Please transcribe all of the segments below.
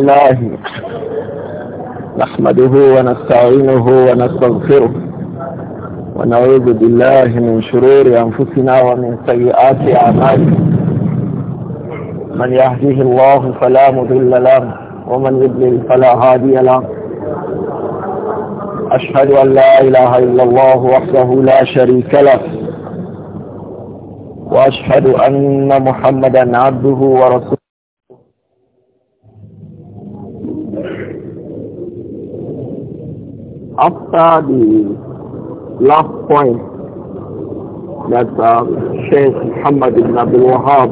الله نحمده ونستعينه ونستغفره ونعوذ بالله من شرور أنفسنا ومن سيئات أعمالنا من يهديه الله فلا مضل له ومن يضلل فلا هادي له أشهد أن لا إله إلا الله وحده لا شريك له وأشهد أن محمدا عبده ورسوله after the last point that uh, Sheikh Muhammad ibn Abdul Wahab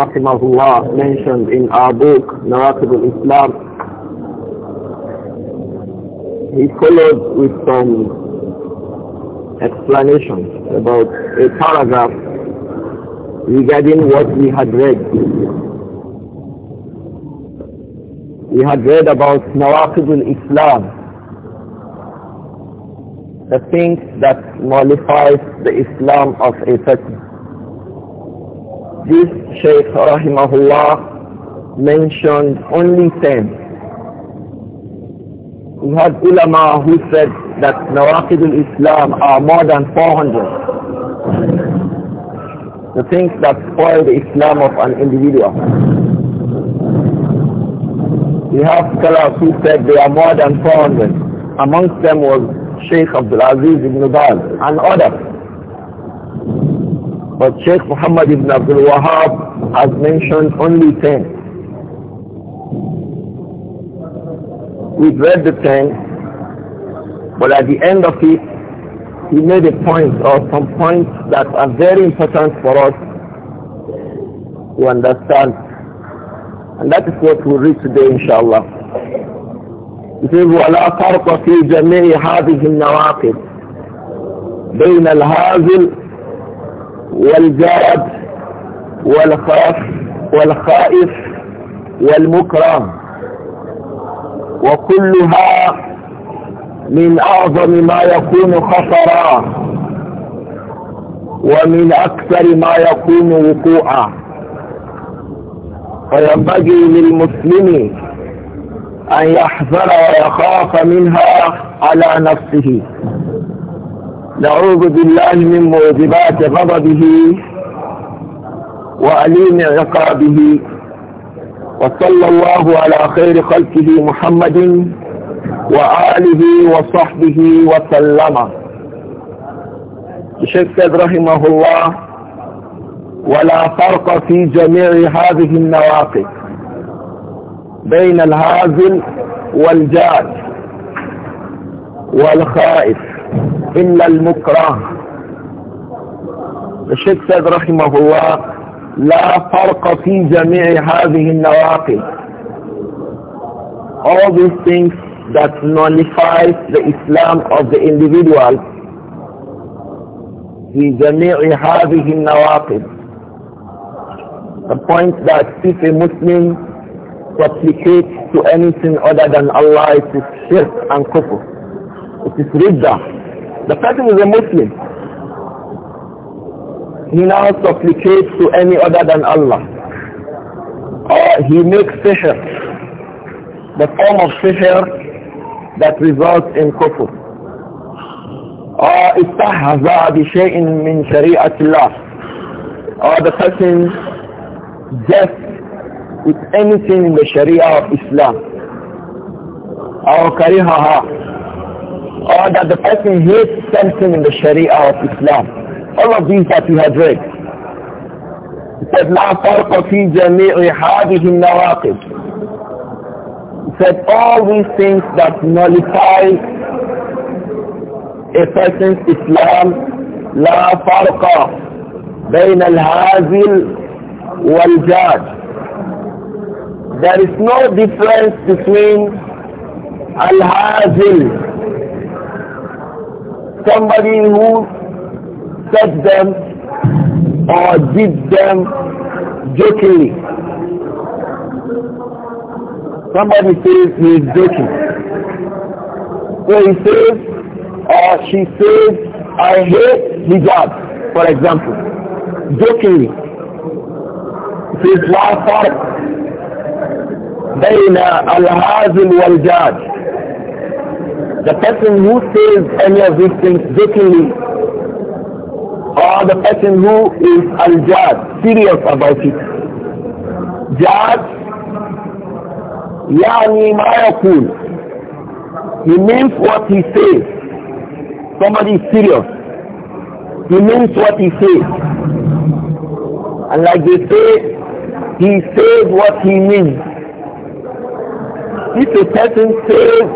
rahimahullah mentioned in our book Narrative Islam he followed with some explanations about a paragraph regarding what we had read we had read about Nawaqib al-Islam, the things that nullifies the Islam of a person. This Shaykh Rahimahullah mentioned only ten. We had ulama who said that Nawaqib al-Islam are more than 400. The things that spoil the Islam of an individual. We have scholars who said there are more than 400. Amongst them was Sheikh Abdul Aziz ibn Baz and others. But Sheikh Muhammad ibn Abdul Wahab has mentioned only 10. We've read the 10, but at the end of it, he made a point or some points that are very important for us to understand And that is what we'll read today, inshallah. It says, وَلَا فَرْقَ فِي جَمِيعِ هَذِهِ النَّوَاقِبِ بين الهازل والجاد والخاف والخائف والمكرم وكلها من أعظم ما يكون خطرا ومن أكثر ما يكون وقوعا وينبغي للمسلم أن يحذر ويخاف منها على نفسه نعوذ بالله من موجبات غضبه وأليم عقابه وصلى الله على خير خلقه محمد وآله وصحبه وسلم الشيخ رحمه الله ولا فرق في جميع هذه النواقض بين الهازل والجاد والخائف إلا المكره الشيخ سيد رحمه الله لا فرق في جميع هذه النواقض all these things that nullifies the Islam of the individual في جميع هذه النواقض The point that if a Muslim supplicates to anything other than Allah, it is shirk and kufr. It is ridda. The person is a Muslim. He now supplicates to any other than Allah. Or he makes sihr. The form of sihr that results in kufr. Or bi-shayin min شريعة Allah. or the person death with anything in the Sharia of Islam. Or karihaha. Or that the person hates something in the Sharia of Islam. All of these that we have read. It said, لا فرق في جميع هذه النواقض. It said, all these things that nullify a person's Islam, لا فرق بين الهازل judge. there is no difference between al-hazil somebody who said them or did them jokingly somebody says he is joking so he says or she says I hate hijab for example jokingly لا Al-Hazim الهازم jad the person who says any of these things jokingly or the person who is al-jad, serious about it. Jad, yani ma yakul. He means what he says. Somebody is serious. He means what he says. And like they say, he says what he means. If a person says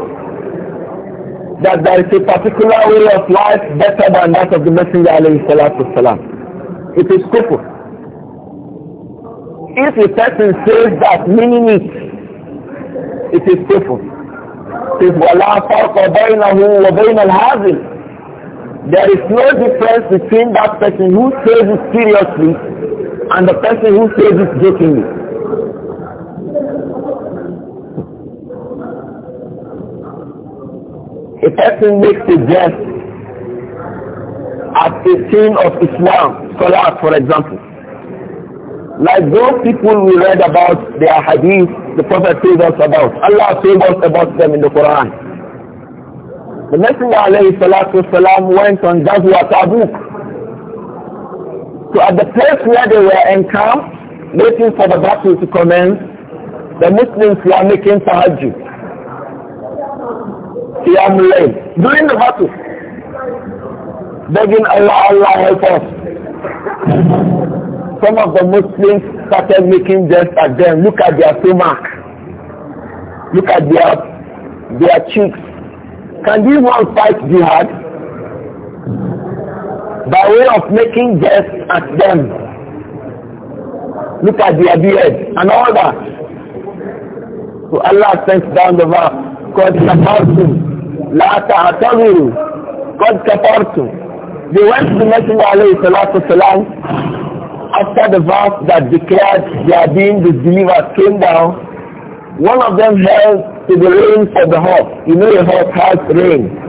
that there is a particular way of life better than that of the Messenger it is kufr. If a person says that meaning it, it is kufr. Says, وَلَا فَرْقَ بَيْنَهُ وَبَيْنَ there is no difference between that person who says it seriously and the person who says it jokingly. A person makes a jest at the scene of Islam, Salah for example. Like those people we read about their hadith, the Prophet told us about. Allah told us about them in the Quran. The Messenger alayhi salatu salam went on Ghazwa Tabuk so at the place where they were encamped, waiting for the battle to commence, the Muslims were making tahajjud. Qiyam During the battle. Begging Allah, Allah help us. Some of the Muslims started making death, at them. Look at their stomach. Look at their, their cheeks. Can these ones fight jihad? by way of making jest at them. Look at their beard and all that. So Allah sent down the verse, قَدْ كَفَرْتُمْ la تَعْتَذِرُوا قَدْ كَفَرْتُمْ They went to the Messenger alayhi salatu salam after the verse that declared their being disbelievers came down. One of them held to the ring for the horse. You know your horse has ring.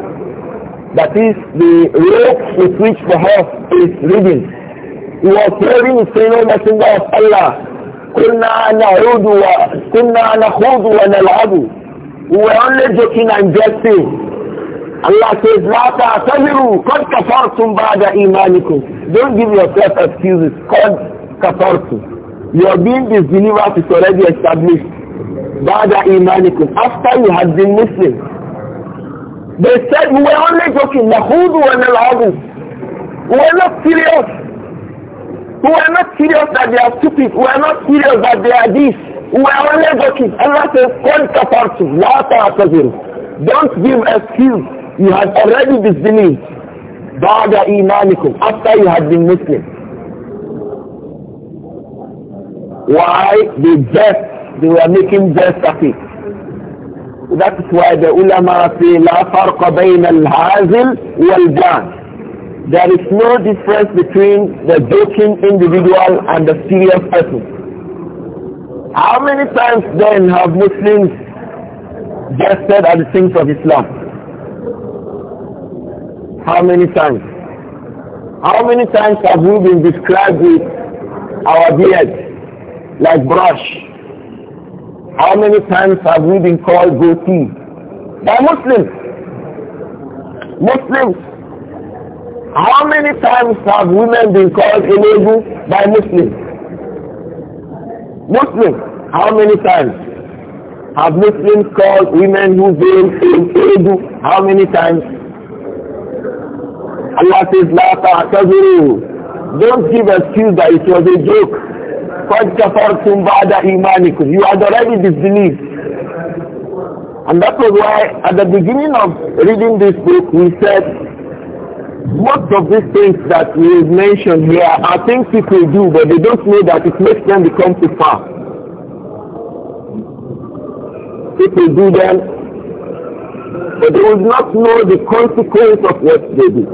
That is the rope with which the horse is leading. He was hearing saying, O Messenger of Allah, كنا نعود وكنا نخوض ونلعب. We were only joking and jesting. Allah says, لا تعتذروا قد كفرتم بعد إيمانكم. Don't give yourself excuses. قد كفرتم. are being disbelievers is already established. بعد إيمانكم. After you have been Muslim. They said we were only joking. Lahudu and Al'adu. We were not serious. We were not serious that they are stupid. We were not serious that they are this. We were only joking. Allah says, Qul kafartu, la ta'ataziru. Don't give excuse. You have already disbelieved. Ba'da imanikum. After you have been Muslim. Why? They jest. They were making jest of it. That is why the ulama say, لا al بين الهازل والجان. There is no difference between the joking individual and the serious person. How many times then have Muslims jested at the things of Islam? How many times? How many times have we been described with our beard like brush? How many times have we been called goatee? By Muslims. Muslims. How many times have women been called enabled by Muslims? Muslims. How many times have Muslims called women who been enabled? How many times? Allah says, La Don't give excuse that it was a joke. قَدْ كَفَرْتُمْ بَعْدَ إِيمَانِكُمْ You had already disbelieved. And that was why at the beginning of reading this book, we said, most of these things that we mentioned here are things people do, but they don't know that it makes them become kuffar. People do them, but they will not know the consequence of what they do.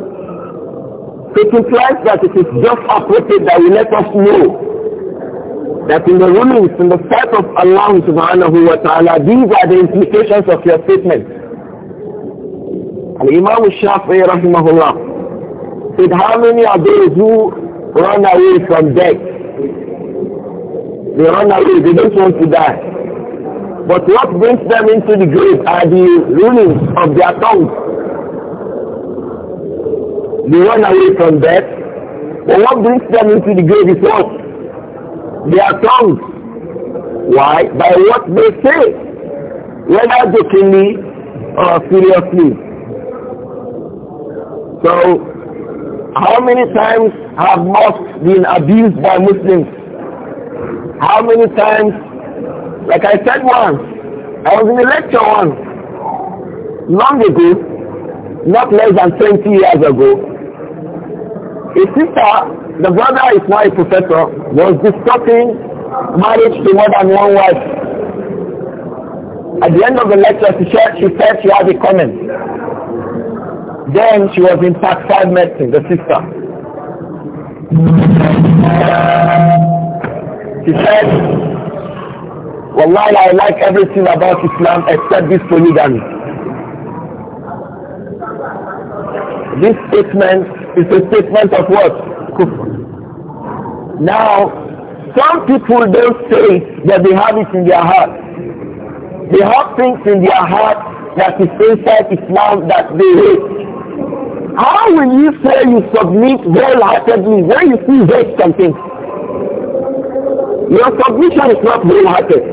So it implies that it is just appropriate that we let us know that in the rulings, in the sight of Allah subhanahu wa ta'ala, these are the implications of your statement. And imam al-Shafi'i rahimahullah said, how many are those who run away from death? They run away, they don't want to die. But what brings them into the grave are the rulings of their tongues. They run away from death, but what brings them into the grave is what? their tongues. Why? By what they say, whether jokingly or seriously. So, how many times have mosques been abused by Muslims? How many times, like I said once, I was in a lecture once, long ago, not less than 20 years ago, a sister the brother is my a professor, was discussing marriage to more than one wife. At the end of the lecture, she said she, said she had a comment. Then she was in part 5 medicine, the sister. She said, Wallahi, I like everything about Islam except this polygamy. This statement is a statement of what? kufr. Now, some people don't say that they have it in their heart. They have things in their heart that is inside Islam that they hate. How will you say you submit wholeheartedly when you see hate something? Your submission is not wholehearted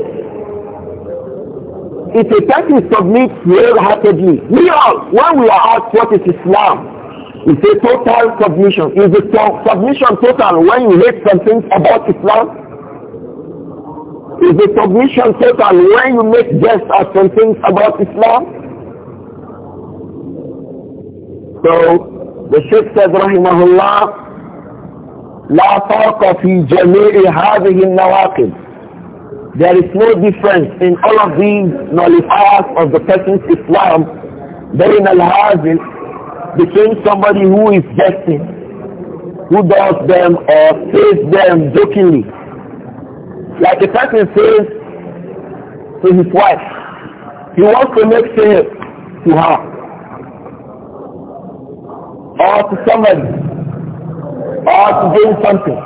if a person submits wholeheartedly, we all, when we are asked what is Islam, it's a total submission. Is a submission total when you hate something about Islam? Is the submission total when you make jest at something about Islam? So the Sheikh said, Rahimahullah, la فرق في جميع هذه There is no difference in all of these nullifiers of the person's Islam al الهازل became somebody who is jesting, who does them or says them jokingly. Like a person says to his wife, he wants to make sale to her or to somebody or to gain something.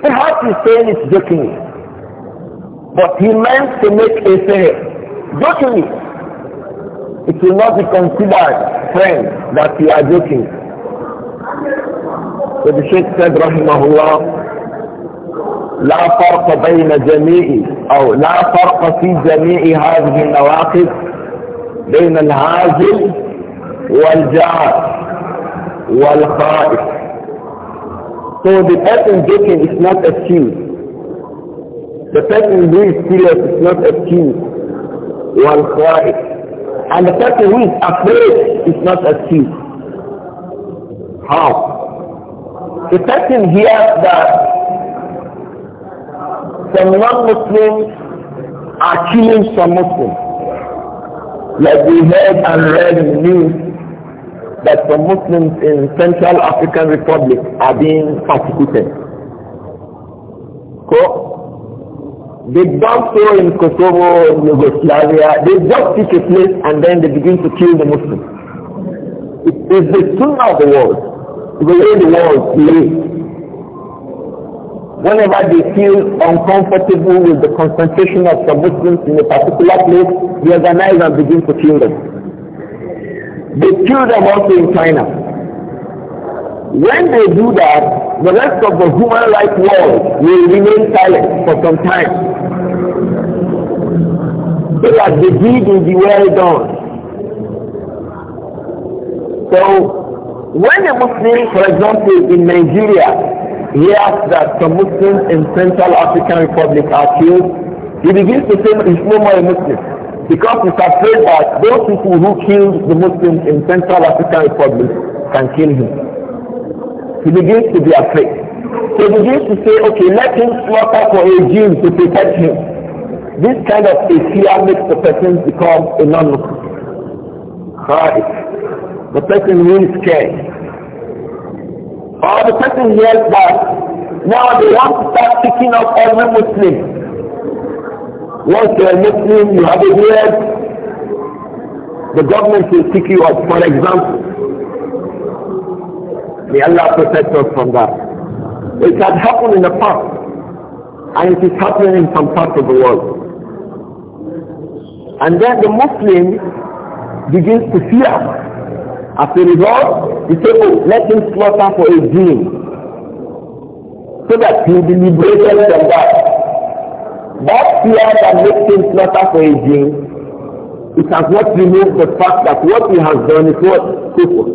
Perhaps he's saying it jokingly, but he meant to make a sale jokingly. It will not be considered, friend, that you are joking. So the Sheikh said, Rahimahullah, لا فرق بين جميع أو لا فرق في جميع هذه النواقض بين الهازل والجار والخائف. So the person joking is not accused. The person who is serious is not accused. والخائف and the person who is afraid is not thief. How? The person hears that some non-Muslims are killing some Muslims. Like we heard and read in the news that some Muslims in Central African Republic are being persecuted. They don't in Kosovo, Yugoslavia. They just pick a place and then they begin to kill the Muslims. It is the sunnah of the world. The way the world lives. Whenever they feel uncomfortable with the concentration of some Muslims in a particular place, they organize and begin to kill them. They kill them also in China. When they do that, the rest of the human rights world will remain silent for some time So that the deed will be well done. So, when a Muslim, for example, in Nigeria, hears that some Muslims in Central African Republic are killed, he begins to say he's no more a Muslim. Because he's afraid that those people who killed the Muslims in Central African Republic can kill him. He begins to be afraid. So he begins to say, okay, let him slaughter for a Jew to protect him. This kind of Islamic fear makes the person become a non-Muslim. Right. The person who is scared. Or the person hears that now they want to start picking up every Muslim. Once you are Muslim, you have a beard, the government will pick you up, for example. May Allah protect us from that. It had happened in the past, and it is happening in some parts of the world. And then the Muslim begins to fear. As a result, he says, oh, let him slaughter for a dream. So that he will be liberated from that. That fear that makes him slaughter for a dream, it has not removed the fact that what he has done is what? Kufr.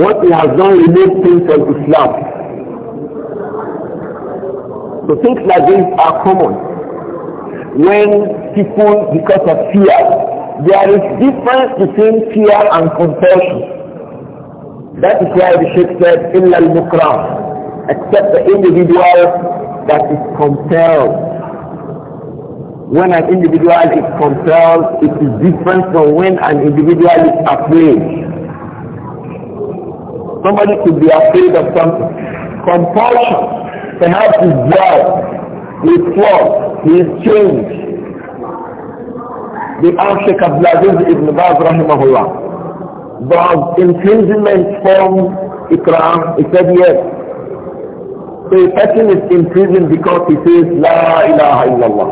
What he has done removes him from Islam. So things like this are common. When people because of fear. There is difference between fear and compulsion. That is why the Sheikh said, إِلَّا الْمُكْرَمُ Except the individual that is compelled. When an individual is compelled, it is different from when an individual is afraid. Somebody could be afraid of something. Compulsion, perhaps his blood, his flaws, his change, the Al-Sheikh Abdulaziz ibn Baz rahimahullah. imprisonment from Ikram? He said yes. a person is imprisoned because he says La ilaha illallah.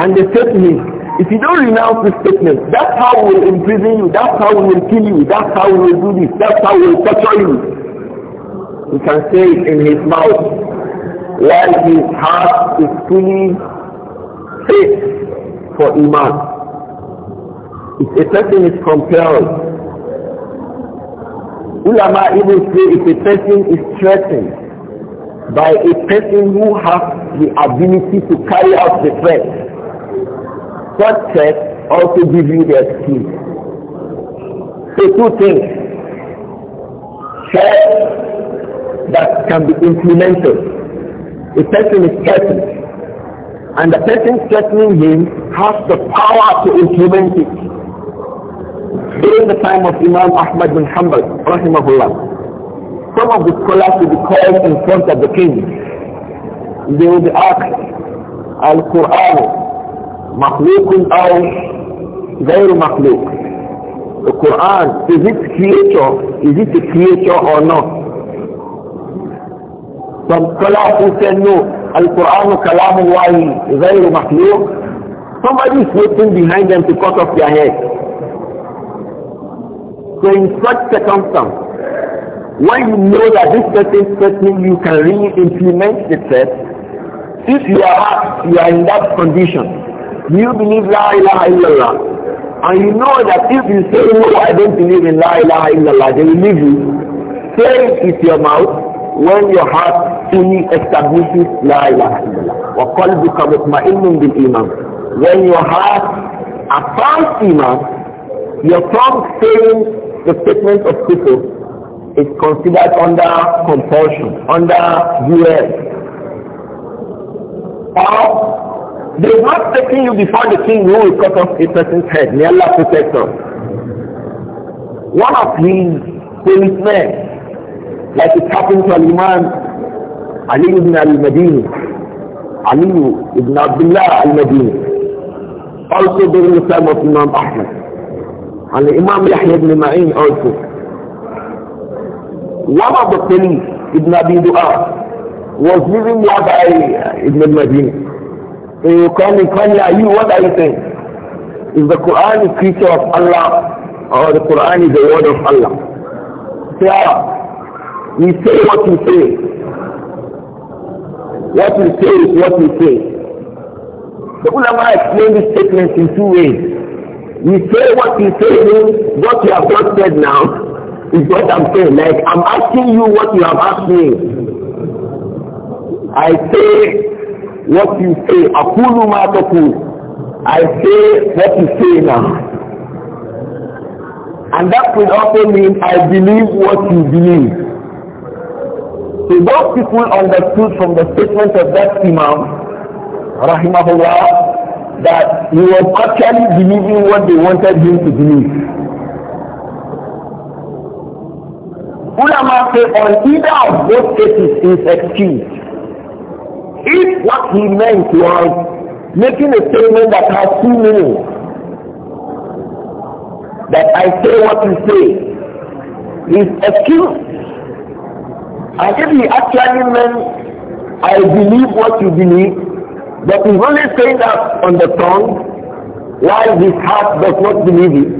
And they say to him, if you don't renounce this statement, that's how we will imprison you, that's how we will kill you, that's how we will do this, that's how we will torture you. He can say it in his mouth while his heart is fully safe for Iman. If a person is compelled, ulama even say if a person is threatened by a person who has the ability to carry out the threat, such threat also give you the excuse. So two things. Threat that can be implemented. A person is threatened and the person threatening him has the power to implement it. During the time of Imam Ahmad bin Hanbal, rahimahullah, some of the scholars will be called in front of the king. They will be asked, Al-Qur'an, مخلوق أو غير مخلوق the Quran, is it creator? Is it a creator or not? Some scholars will say no. Al-Quran Kalamullah غير مخلوق somebody is waiting behind them to cut off their head. So in such circumstance, when you know that this person is something you can really implement the test, if you are you are in that condition, you believe La ilaha illallah, and you know that if you say no, oh, I don't believe in La ilaha illallah, they will leave you. Say it with your mouth when your heart he establishes La ilaha illallah. وَقَلْبُكَ مُطْمَئِنٌ بِالْإِيمَانِ When your heart affirms Iman, your tongue saying the statement of people is considered under compulsion, under duress. Or they are not taking you before the king who will cut off a person's head. May Allah protect us. One of his policemen, like it happened to an imam علي بن المديني علي بن عبد الله المديني also during the time of Imam Ahmad and the Imam Yahya ibn Ma'in also one of the police Ibn Abi Du'a was living nearby Ibn al-Madinah so you come and come here, you, what are you saying? Is the Quran a creature of Allah or the Quran is the word of Allah? Say, so, we say what we say. What we say is what we say. The ulama explain this statement in two ways. We say what we say means what you have just said now is what I'm saying. Like I'm asking you what you have asked me. I say what you say. Akulu ma I say what you say now. And that will also mean I believe what you believe. So what people understood from the statement of that Imam, Rahimahullah, that he was actually believing what they wanted him to believe. Ulama say on either of both cases is excused. If what he meant was making a statement that has two meanings, that I say what you say, is excused and if he actually meant, I believe what you believe, but he's only saying that on the tongue, while his heart does not believe it,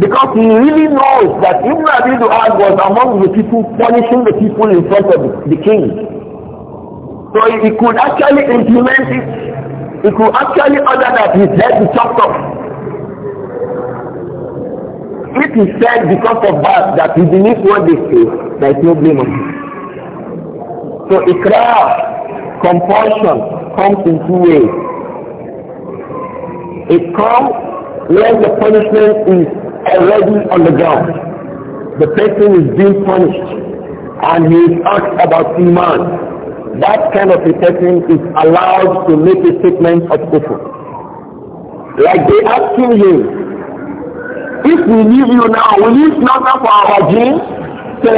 because he really knows that Ibn Abi was among the people punishing the people in front of the king. So he could actually implement it. He could actually order that his head be chopped off. If he said because of that that he believes what they say, there is no blame on him. So ikrar, compulsion, comes in two ways. It comes when the punishment is already on the ground. The person is being punished and he is asked about iman. That kind of a person is allowed to make a statement of kufr like they asking him, if we leave you now, will you not for our dreams? Say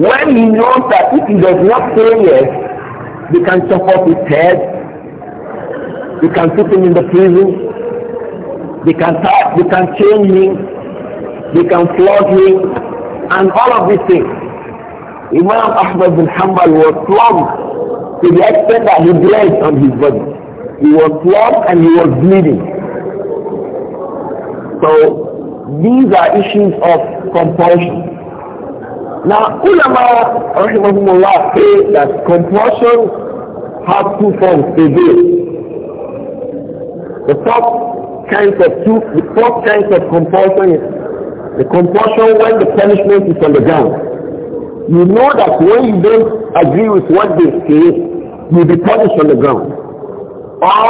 when he knows that if he does not say yes, they can chop off his head, they can put him in the prison, they can tap, they can chain him, they can flog him, and all of these things. Imam Ahmad bin Hanbal was flogged to the extent that he bled on his body. He was flogged and he was bleeding. So these are issues of compulsion. Now, ulama rahimahumullah say that compulsion has two forms today. The first kind of two, the first kind of compulsion is the compulsion when the punishment is on the ground. You know that when you don't agree with what they say, you'll be punished on the ground. Or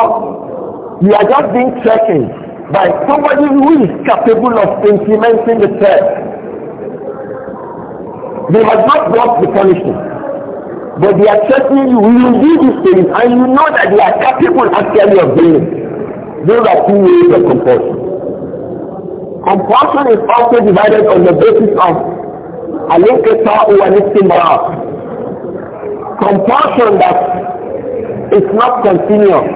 you are just being threatened by somebody who is capable of implementing the threat. They have not brought the punishment. But they are threatening you, we will do these things, and you know that they are capable actually of doing it. Those are two ways of compulsion. Compulsion is also divided on the basis of al-inqita'u wa istimrar. Compulsion that is not continuous.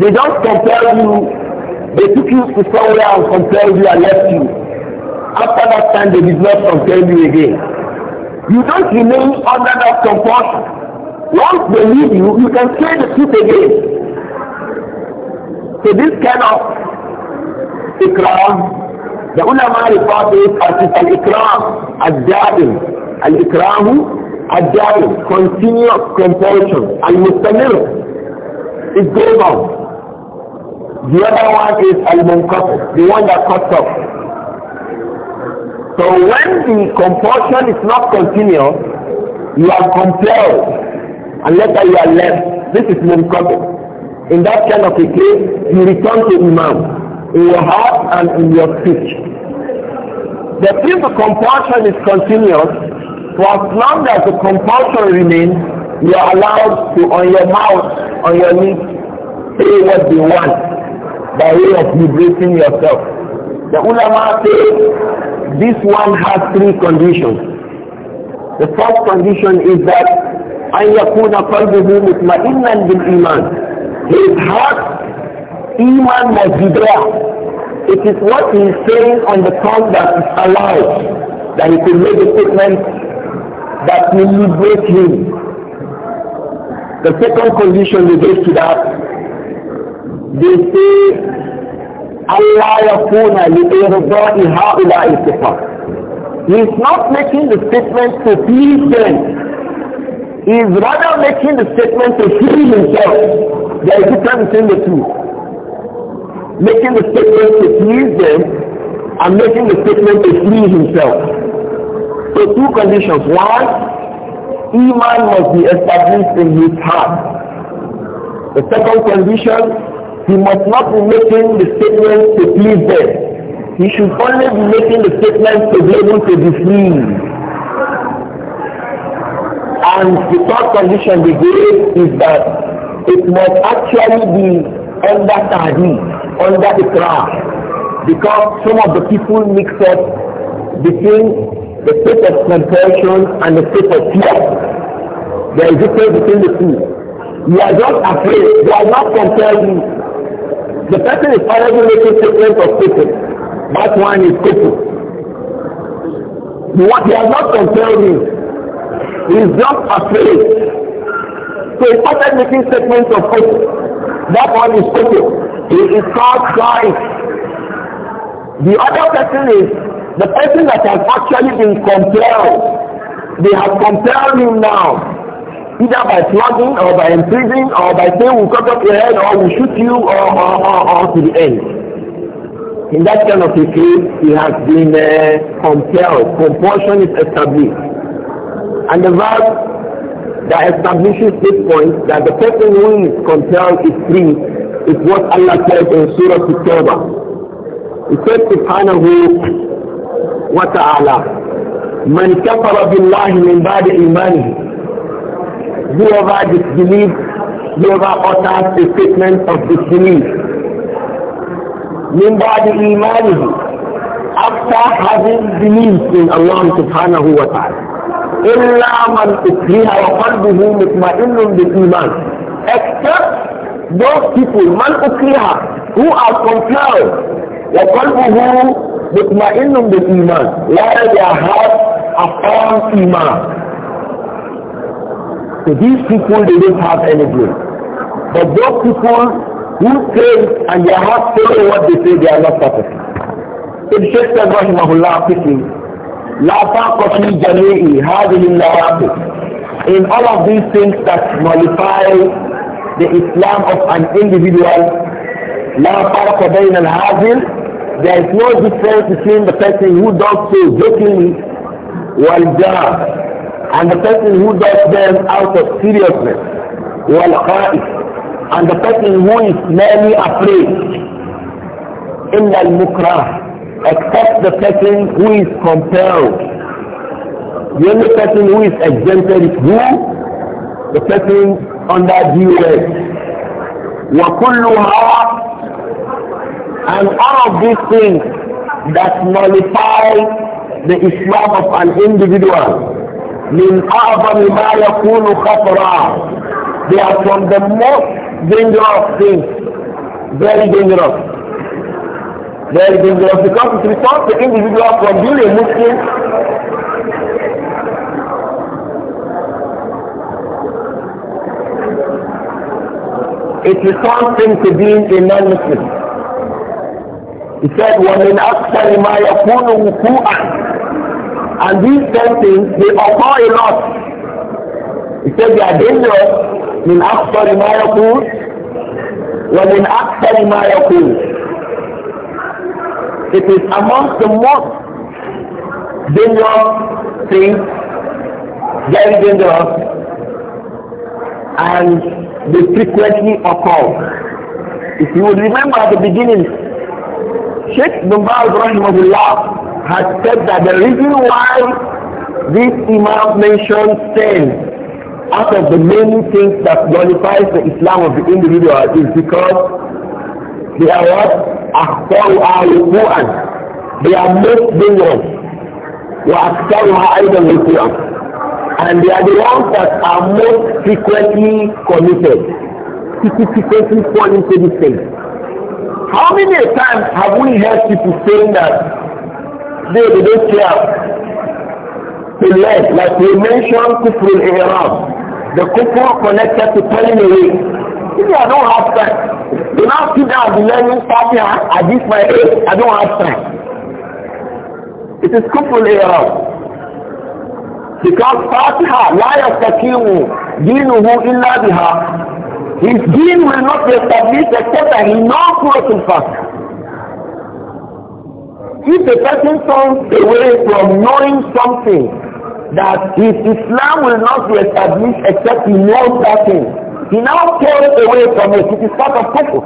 They don't compel you, they took you to somewhere and compelled you and left you. After that time, they did not compel you again. You don't remain under that compulsion. Once they leave you, you can say the truth again. So this kind of ikram, the ulama refer to it as an ikram, al-jabin, al-ikramu, al-jabin, continuous compulsion, al-mustamir. It goes on. The other one is al-munqafi, the one that cuts off. So when the compulsion is not continuous, you are compelled, and later you are left. This is Mumkotik. In that kind of a case, you return to Imam, in your heart and in your speech. The if the compulsion is continuous, for as long as the compulsion remains, you are allowed to, on your mouth, on your lips, say what you want by way of liberating yourself. The ulama say this one has three conditions. The first condition is that أن يكون قلبه مطمئنا بالإيمان. His heart, iman must It is what he is saying on the tongue that is allowed that he could make a statement that will liberate him. The second condition relates to that. They say he is not making the statement to please them. He is rather making the statement to heal himself. There is a difference between the two. Making the statement to please them and making the statement to free himself. So two conditions. One, Iman must be established in his heart. The second condition, he must not be making the statement to please them. He should only be making the statement to be able to deceive. And the third condition we give is that it must actually be under Tahdi, under the craft, because some of the people mix up between the state of compulsion and the state of fear. There is a difference between the two. You are just afraid. You are not comparing. The person is already making statements of statement. That one is kufr. What he has not compelled him. He is just afraid. So he started making statements of faith. That one is kufr. He is called Christ. The other person is the person that has actually been compelled. They have compelled him now. either by flogging or by imprisoning or by saying we'll cut off your head or we'll shoot you or, or, or, or to the end. In that kind of a case, he has been uh, compelled. Compulsion is established. And the verse that establishes this point, that the person who is compelled is free, is what Allah says in Surah Al-Tawbah. He says, subhanahu wa ta'ala, من كفر بالله من بعد إيمانه whoever disbelieves, whoever utters a statement of disbelief. من بعد إيمانه after having believed in Allah subhanahu wa ta'ala. إلا من أكره وقلبه مطمئن بالإيمان except those people من أكره who are compelled وقلبه مطمئن بالإيمان where their heart affirms iman so these people, they don't have any brain. But those people who say and they are not what they say, they are not perfect. In the Shaykh said, Rahimahullah, quickly, لا طاقة في جميع هذه In all of these things that nullify the Islam of an individual, لا فرق بين الهازل There is no difference between the person who does so jokingly والجار and the person who does them out of seriousness wal khaif and the person who is merely afraid illa al mukrah except the person who is compelled the only person who is exempted is who the person under duress wa kulluha and all of these things that nullify the Islam of an individual من أعظم ما يكون خطرا They are from the most dangerous things. Very dangerous. Very dangerous because it results the individual from being a Muslim It results him to being a non-Muslim. He said, وَمِنْ أَكْثَرِ مَا يَكُونُ وُقُوعًا And these same things, they occur a lot. He said they are dangerous in after ما يقول in أكثر ما يقول. It is amongst the most dangerous things, very dangerous, and they frequently occur. If you would remember at the beginning, Sheikh Bin Baz rahimahullah Has said that the reason why this Imam mentioned sin out of the many things that qualifies the Islam of the individual is because they are what? al وقوعا They are most dangerous وأكثرها أيضا وقوعا And they are the ones that are most frequently committed. People frequently fall into this thing. How many times have we heard people saying that day they don't care. They learn, like we mentioned, kufr al-ihram. The kufr connected to turning away. If I don't have time, they now sit down and learning Fatiha I give my age, I don't have time. It is kufr al-ihram. Because Fatiha, la yastakimu dinuhu illa biha. His deen will not be established except that he knows Surah al-Fatiha. If a person turns away from knowing something that his Islam will not be established except he knows that thing, he now turns away from it. It is part of kufr.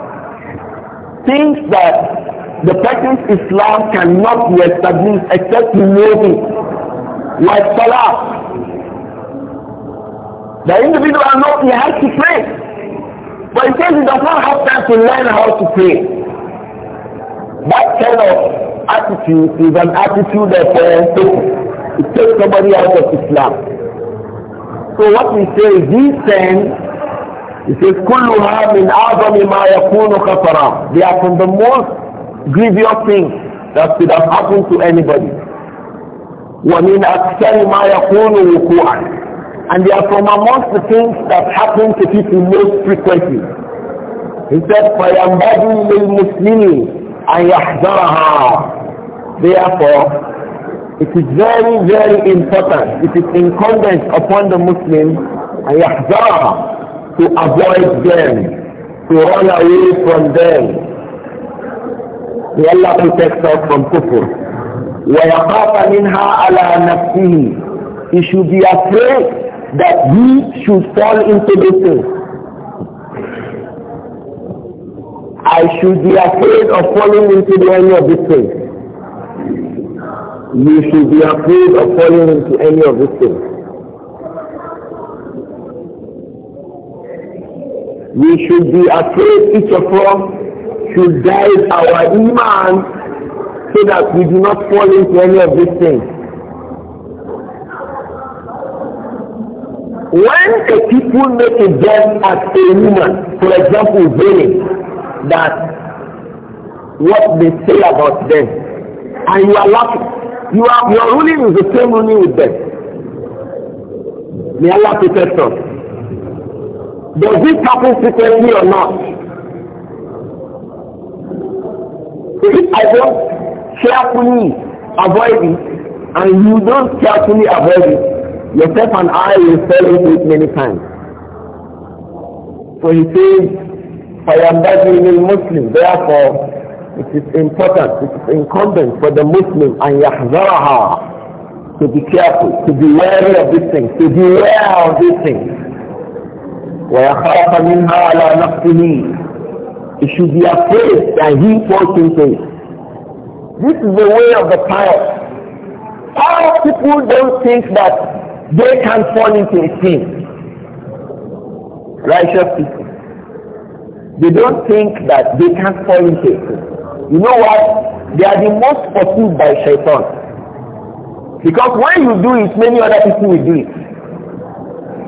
Things that the person's Islam cannot be established except he knows it. Like Salah. The individual knows he has to pray. But he says he does not have time to learn how to pray. That kind of attitude is an attitude that uh, it takes somebody out of Islam. So what we say is these ten, it says, They are from the most grievous things that could have happened to anybody. And they are from amongst the things that happen to people most frequently. He said, أن يحذرها therefore it is very very important it is incumbent upon the Muslim أن يحذرها to avoid them to run away from them May Allah protect us from kufr ويخاف منها على نفسه he should be afraid that he should fall into this thing I should be afraid of falling into any of these things. You should be afraid of falling into any of these things. We should be afraid each of us should guide our iman so that we do not fall into any of these things. When a people make a death as a woman, for example, veiling, that what they say about them and you are lucky. You are, your ruling is the same ruling with them. May Allah protect us. Does this happen frequently or not? if I don't carefully avoid it and you don't carefully avoid it, yourself and I will fall into it many times. So he says, فَيَنْبَغِي Muslim, Therefore, it is important, it is incumbent for the Muslim and يَحْذَرَهَا to be careful, to be wary of these things, to beware of these things. وَيَخَافَ مِنْهَا عَلَى نَفْسِهِ He should be afraid that he falls into it. This is the way of the pious. How people don't think that they can fall into a sin. Righteous people. They don't think that they can fall into it. You know what? They are the most pursued by shaitan. Because when you do it, many other people will do it.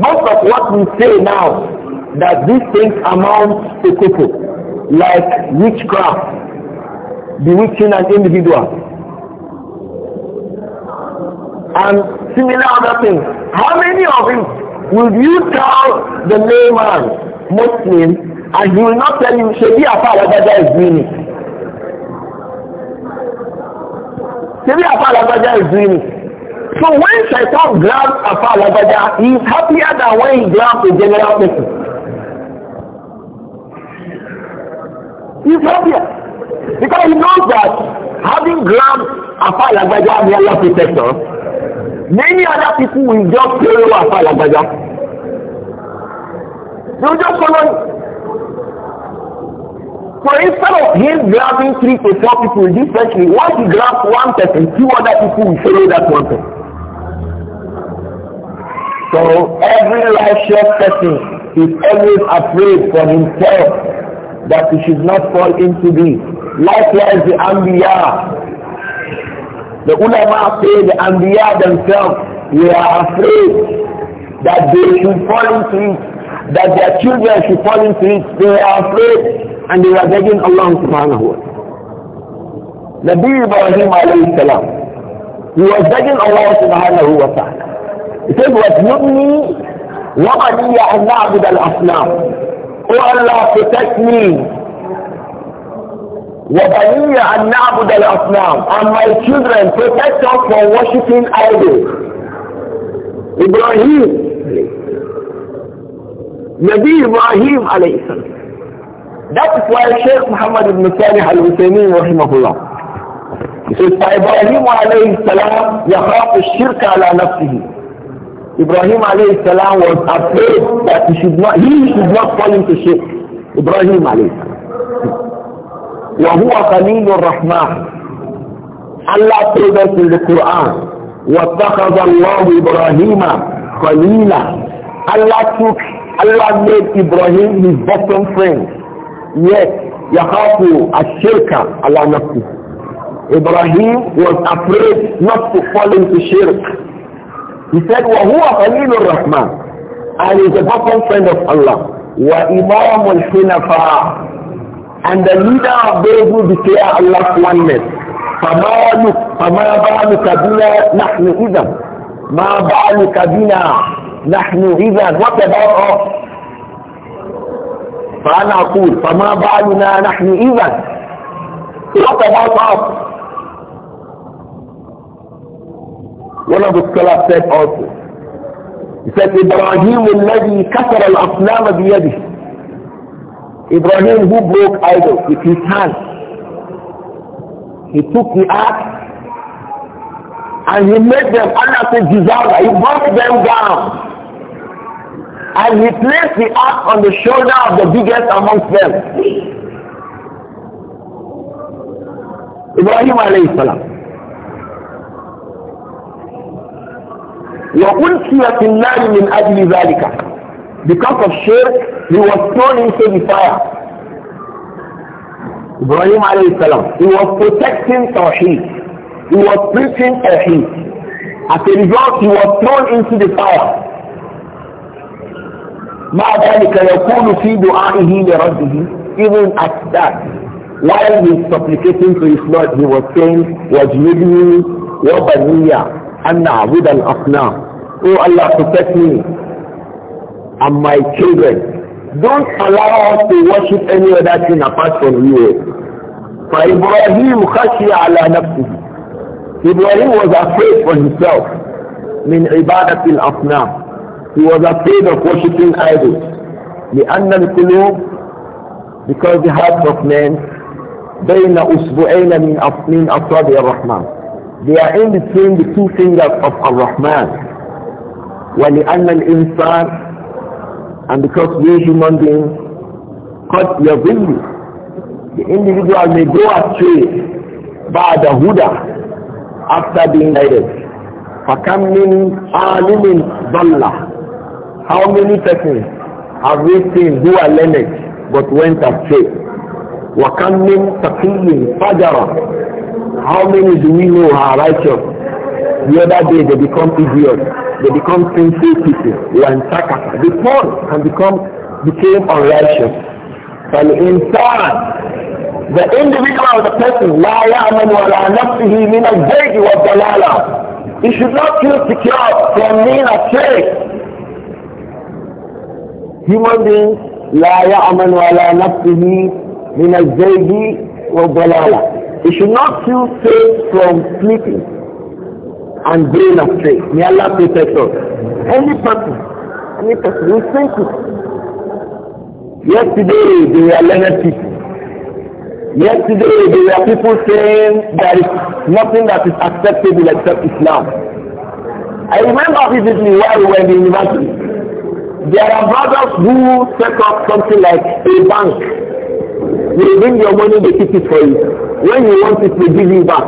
Most of what we say now, that these things amount to people, like witchcraft, bewitching an individual, and similar other things. How many of you would you tell the layman Muslim And he will not tell him, Shebi Afa Alagbaja is doing it. Shebi Afa Alagbaja is doing it. So when Shaitan grab Afa Alagbaja, he is happier than when he grab the general person. is happier. Because he knows that having grab Afa Alagbaja, may Allah protect us, many other people will just follow Afa Alagbaja. They will just follow For instead of him grabbing three to four people differently, why he grabs one person, two other people will follow that one person. So every righteous person is always afraid for himself that he should not fall into this. Likewise the Anbiya. The ulama say the Anbiya themselves, they are afraid that they should fall into it, that their children should fall into it. They are afraid and they were begging Allah نبي إبراهيم عليه Nabi Ibrahim الله سبحانه he was begging Allah He said, أَنْ نَعْبُدَ الْأَصْنَامِ Oh Allah, protect me وَبَنِيَ أَنْ نَعْبُدَ الْأَصْنَامِ And my children, protect us from worshipping idols. Ibrahim, Nabi Ibrahim عليه السلام That is why Sheikh Muhammad ibn Salih al-Husaymin rahimahullah he says, فإبراهيم عليه السلام يخاف الشرك على نفسه Ibrahim عليه السلام was afraid that he should not, he should not fall into shirk. Ibrahim alayhi salam. وهو خليل الرحمن Allah told us in the Quran, وَاتَّخَذَ اللَّهُ إِبْرَاهِيمَ خَلِيلًا Allah took, Allah made Ibrahim his best friend. Yes, Yahaku Ashirka Allah Nafsi. Ibrahim was afraid not to fall into shirk. He said, وَهُوَ خَلِيلُ rahman, And is a bosom friend of Allah. Wa وَإِمَامُ الْحُنَفَاءِ And the leader of those who declare Allah's oneness. فَمَا بَعْلُكَ بِنَا نَحْنُ إِذًا ma بَعْلُكَ بِنَا نَحْنُ إِذًا What about us? فأنا أقول فما بالنا نحن إذا What about us? One of the scholars said also, he said, إبراهيم الذي كسر الأصنام بيده. Ibrahim who broke idols with his hand. He took the axe and he made them, Allah said, He brought them down. and he placed the ark on the shoulder of the biggest amongst them. Ibrahim alayhi salam. وألقي النار من أجل ذلك because of shirk he was thrown into the fire Ibrahim alayhi salam he was protecting Tawheed he was preaching Tawheed as a result he was thrown into the fire مع ذلك يكون في دعائه لربه even at that while he is supplicating to his Lord he was saying واجنبني وبني أن أعبد الأصنام Oh Allah protect me and my children don't allow us to worship any other thing apart from you فإبراهيم خشي على نفسه Ibrahim was afraid for himself من عبادة الأصنام He was afraid of worshipping idols. The annal kulub, because the hearts of men, بين أسبوعين من من أصابع الرحمن. They are in between the two fingers of Ar-Rahman. ولأن الإنسان and because we human beings قد يضل the individual may go astray بعد هدى after being guided فكم من عالم ضله how many persons have we seen who are learned but went astray? وَكَمْ مِنْ تَقِيٍّ فَجَرًا How many do we know are righteous? The other day they become idiots. They become sinful people. وَانْتَكَفَ They fall and become, became unrighteous. فَالْإِنسَانِ the individual, or the person, لا يأمن ولا نفسه من الزيج والضلالة. He should not feel secure from being afraid Human beings, لا يأمن على نفسه zaydi الزيد والضلالة. He should not feel safe from sleeping and brain astray. May Allah protect us. Any person, any person, we think it. Yesterday they were learned people. Yesterday there were people saying there is nothing that is acceptable except Islam. I remember vividly while we were in the university. There are brothers who set up something like a bank. You bring your money, they keep it for you. When you want it, they give you back.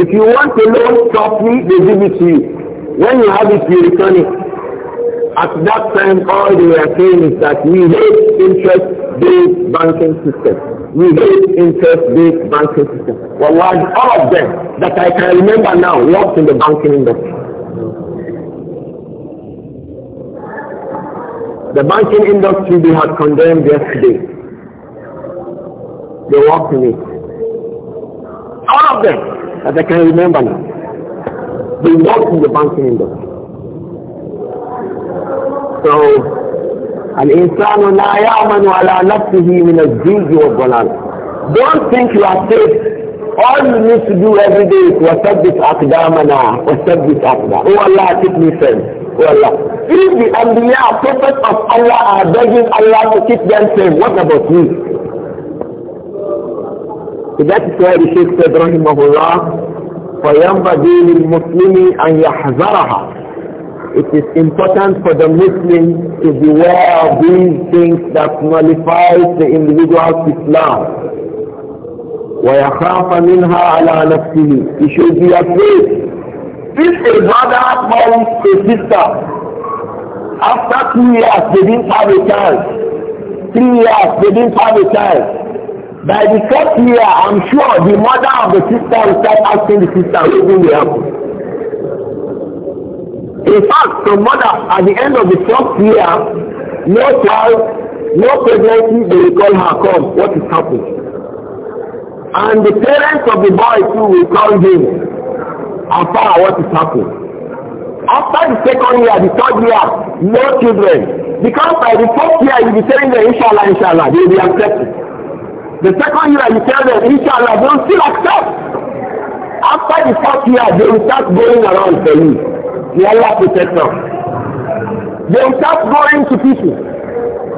If you want a loan properly, they give it to you. When you have it, you return it. At that time, all they are saying is that we hate interest-based banking system. We hate interest-based banking system. Well, like all of them that I can remember now worked in the banking industry. The banking industry they had condemned yesterday. They walked in it. All of them as I can remember now. They walked in the banking industry. So الإنسان لا يأمن على نفسه من الزيج والضلال. Don't think you are safe all you need to do every day is this وثبت أقدامنا this أقدام Oh Allah keep me safe? Oh Allah if the Ambiya, prophets of Allah are begging Allah to keep them safe, what about me so that is why the Sheikh said rahimahullah فينبغي للمسلم أن يحذرها it is important for the Muslim to beware of these things that nullifies the individual's Islam ويخاف منها على نفسه he should be afraid if a brother marries a sister after two years they didn't have a child three years they didn't have a child by the fourth year i'm sure the mother of the sister will start asking the sister wetin dey happen in fact the mother at the end of the fourth year no child no pregnancy they will call her come what is happening And the parents of the boy too will call him after what is happening. After the second year, the third year, no children. Because by the fourth year, you be telling them, inshallah, inshallah, they'll be accepted. The second year, you tell them, inshallah, they'll still accept. After the fourth year, they will start going around for you. May Allah protect them. They will start going to people.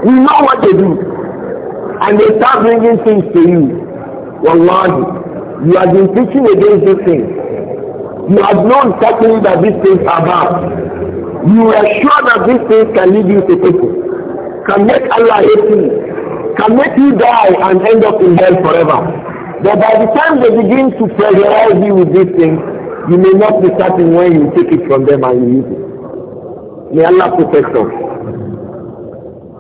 We know what they do. And they start bringing things to you. Wallahi, you have been preaching against these things. You have known certainly that these things are bad. You are sure that these things can lead you to people, can make Allah hate you, can make you die and end up in hell forever. But by the time they begin to pressurize you with these things, you may not be certain when you take it from them and you use it. May Allah protect us.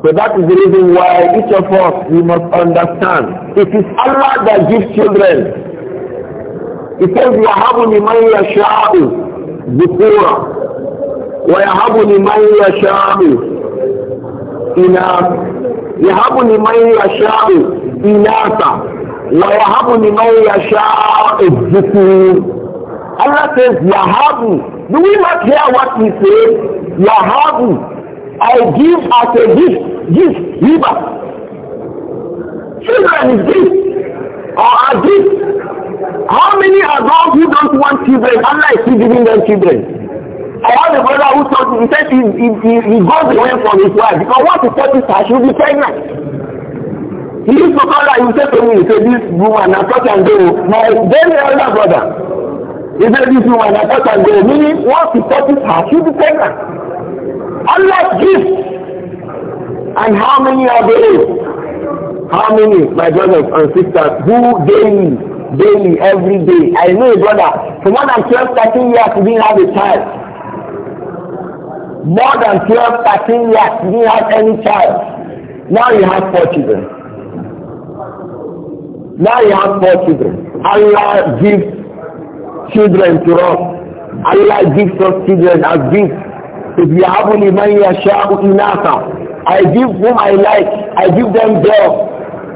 So that is the reason why each of us, we must understand. It is Allah that gives children. He says, يَهَبُ لِمَنْ يَشَاءُ ذُكُورًا وَيَهَبُ لِمَنْ يَشَاءُ إِنَاثًا يَهَبُ لِمَنْ يَشَاءُ إِنَاثًا وَيَهَبُ لِمَنْ يَشَاءُ الذُّكُورًا Allah says, يَهَبُ Do we not hear what he says? يَهَبُ I give as a gift, gift, giver. Children is gift or are gift. How many adults who don't want children, Allah is still giving them children? I have a brother who told me, he said he, he, he, he goes away from his wife because once he touches her, she'll be pregnant. He used to call her, he said to me, he said, this woman, I touch and go. My very elder brother, he said, this woman, I touch and go. Meaning, once he touches her, she'll be pregnant. Allah's gift. And how many are there? How many, my brothers and sisters, who daily, daily, every day? I know a brother, for more than 12, 13 years, he didn't have a child. More than 12, 13 years, he didn't have any child. Now he has four children. Now you have four children. Allah gives children to us. Allah gives us children as gifts. If يَهَبُ لِمَنْ يَشَاءُ إِنَاثًا I give whom I like, I give them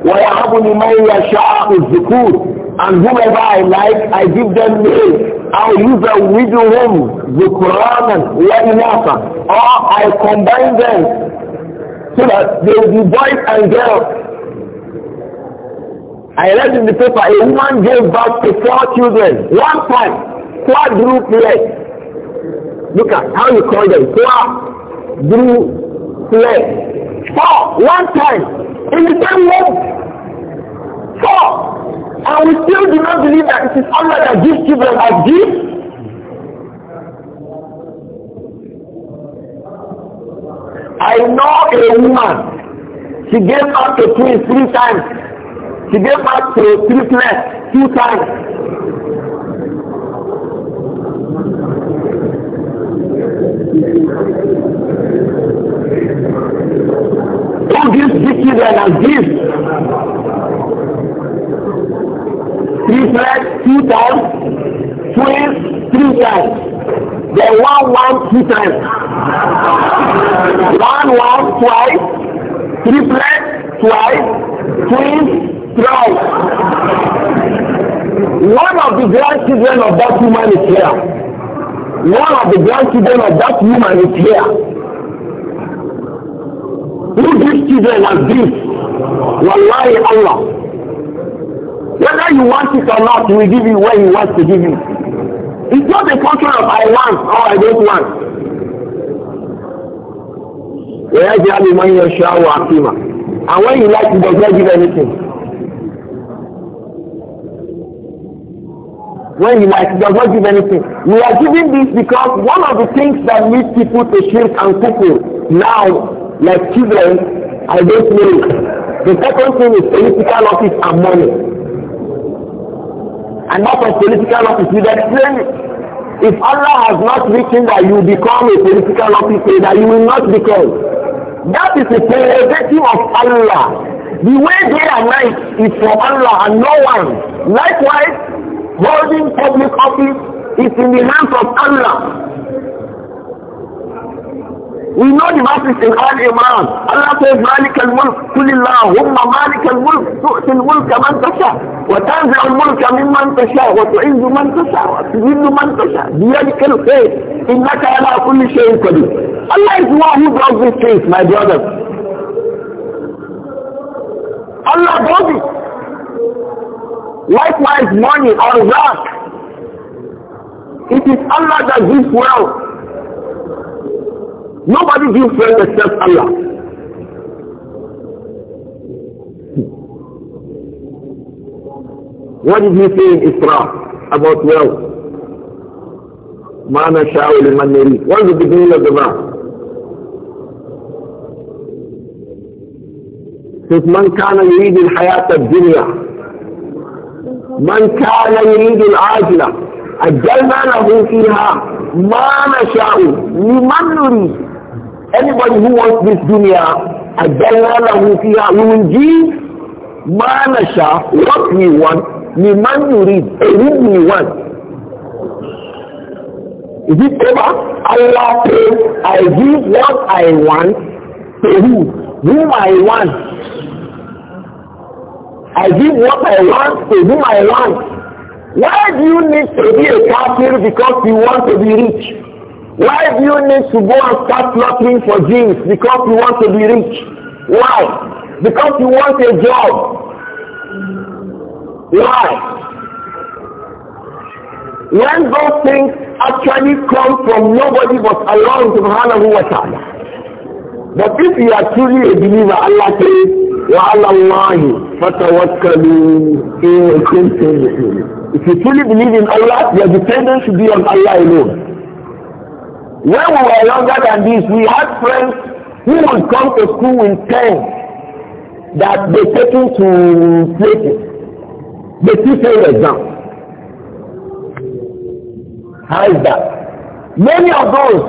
I have any money, girls. share with the الذُّكُورَ and whomever I like, I give them male. I use a widow whom the Quran and Yanasa, or I combine them so that they will be boys and girls. I read in the paper a woman gave birth to four children one time, quadruplets. Look at how you call them. Four, grew, fled. Four, one time, in the same moment. Four. And we still do not believe that it is Allah that gives children as gifts. I know a woman. She gave birth to twins three times. She gave birth to triplets two times. Who gives these children as gifts? Three friends, two times, twins, three times. Then one, one, two times. One, one, twice, three friends, twice, twins, thrice. One of the grandchildren of that woman is here one of the children of that woman is here. Who these children was this? Wallahi Allah. Whether you want it or not, he will give you what he wants to give you. It's not a function of I want or I don't want. Where is money, من يشاء عقيما. And when you like, he does not give anything. when he likes, does not give anything. We are giving this because one of the things that leads people to shirk and cuckoo now, like children, I don't know. The second thing is political office and money. And not of political office, you explain it. If Allah has not written that you become a political officer, that you will not become. That is a prerogative of Allah. The way day and night is from Allah and no one. Likewise, holding public office is in the hands of Allah. We know the verses in Al Imran. Allah says, Malik al Mulk, Kulillahumma Malik al Mulk, Tu'ti al Mulk man tasha, wa tanzi al Mulk mimman tasha, wa tu'izzu man tasha, wa tuzillu man tasha. Biyadika al khayr, innaka ala kulli shay'in qadir. Allah is the one who does this case, my brothers. Allah does it. Likewise, money or wealth, It is Allah that gives wealth. Nobody gives wealth except Allah. What did he say in Isra about wealth? Mana Sha'ul Maniri. What is the beginning of the verse? says, Man kana yurid al-hayat al-dunya من كان يريد العاجلة أجلنا له فيها ما نشاء لمن نريد Anybody who wants this dunya, أجلنا له فيها We will give ما نشاء what we want لمن نريد a whom we want. Is it clear? Allah says, I give what I want to whom I want. I give what I want to whom I want. Why do you need to be a kafir because you want to be rich? Why do you need to go and start looking for jeans because you want to be rich? Why? Because you want a job. Why? When those things actually come from nobody but Allah subhanahu wa ta'ala. But if you are truly a believer, Allah says, وعلى الله فتوكلوا إن كنتم مسلمين. If you truly believe in Allah, your dependence should be on Allah alone. When we were younger than this, we had friends who would come to school in tents that they take to places. They teach him exam. How is that? Many of those,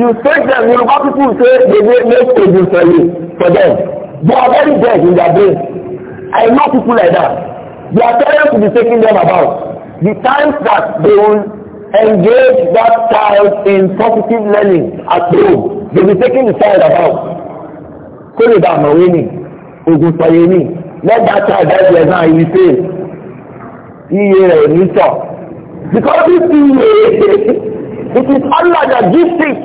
you take them, you know, people say they make a for for them. They are very dead in their brain. I know people like that. Their parents will be taking them about. The times that they will engage that child in positive learning at home, they be taking the child about. Kólé bá àmọ̀ wé ni, ògùn sọ̀yé ni, let that child die there now, he will fail. Iye rẹ̀ ní sọ. Because this iye, it is Allah that gives it.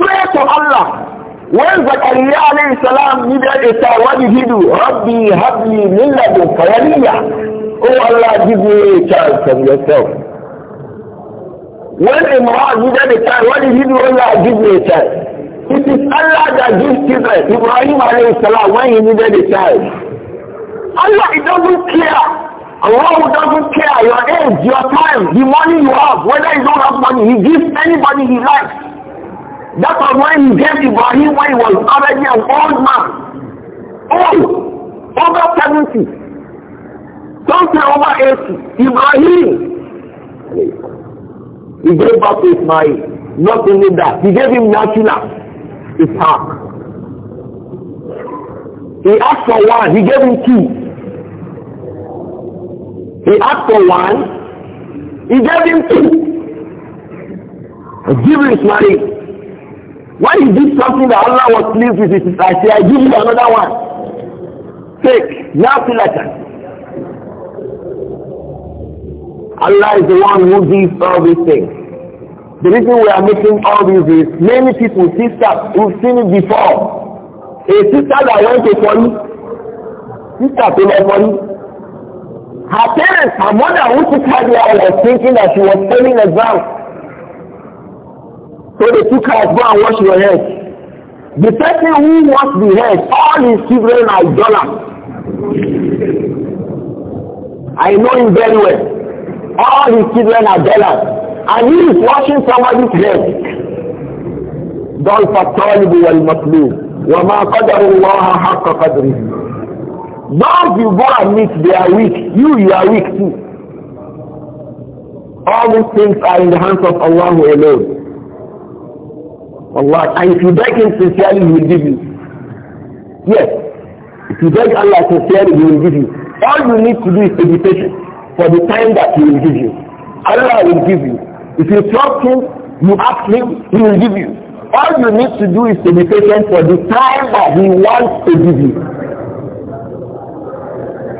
Pray to Allah. When Zakaria alayhi salam needed a child, what did he do? Rabbi, Habli, Milladu, Fayaliya. Oh Allah, give me a child from yourself. When Imran needed a child, what did he do? Allah, give me a child. It is Allah that gives children. Ibrahim alayhi salam, when he needed a child. Allah, it doesn't care. Allah doesn't care your age, your time, the money you have, whether you don't have money. He gives anybody he likes. That was why he gave Ibrahim when he was already an old man. Old. Over 70. Don't say over 80. Ibrahim. He gave back to Ismail. Not only that, he gave him His Ishaq. He asked for one, he gave him two. He asked for one, he gave him two. Give Ismail. Why you did something that Allah was pleased with, it is like, I give you another one. Take, now, Nafilatan. Allah is the one who gives all these things. The reason we are making all these is many people, sisters, who seen it before. A sister that went to Fori, sister to my Fori, her parents, her mother who took her there was thinking that she was failing exams. So they took cars go and wash your head. The person who washed the head, all his children are dollars. I know him very well. All his children are dollars. And he is washing somebody's head. ضعف الطالب والمطلوب وما قدر الله حق قدره Now you go and meet, they are weak. You, you are weak too. All these things are in the hands of Allah alone. Allah. And if you beg Him sincerely, He will give you. Yes. If you beg Allah sincerely, He will give you. All you need to do is to patient for the time that He will give you. Allah will give you. If you trust Him, you ask Him, He will give you. All you need to do is to be patient for the time that He wants to give you.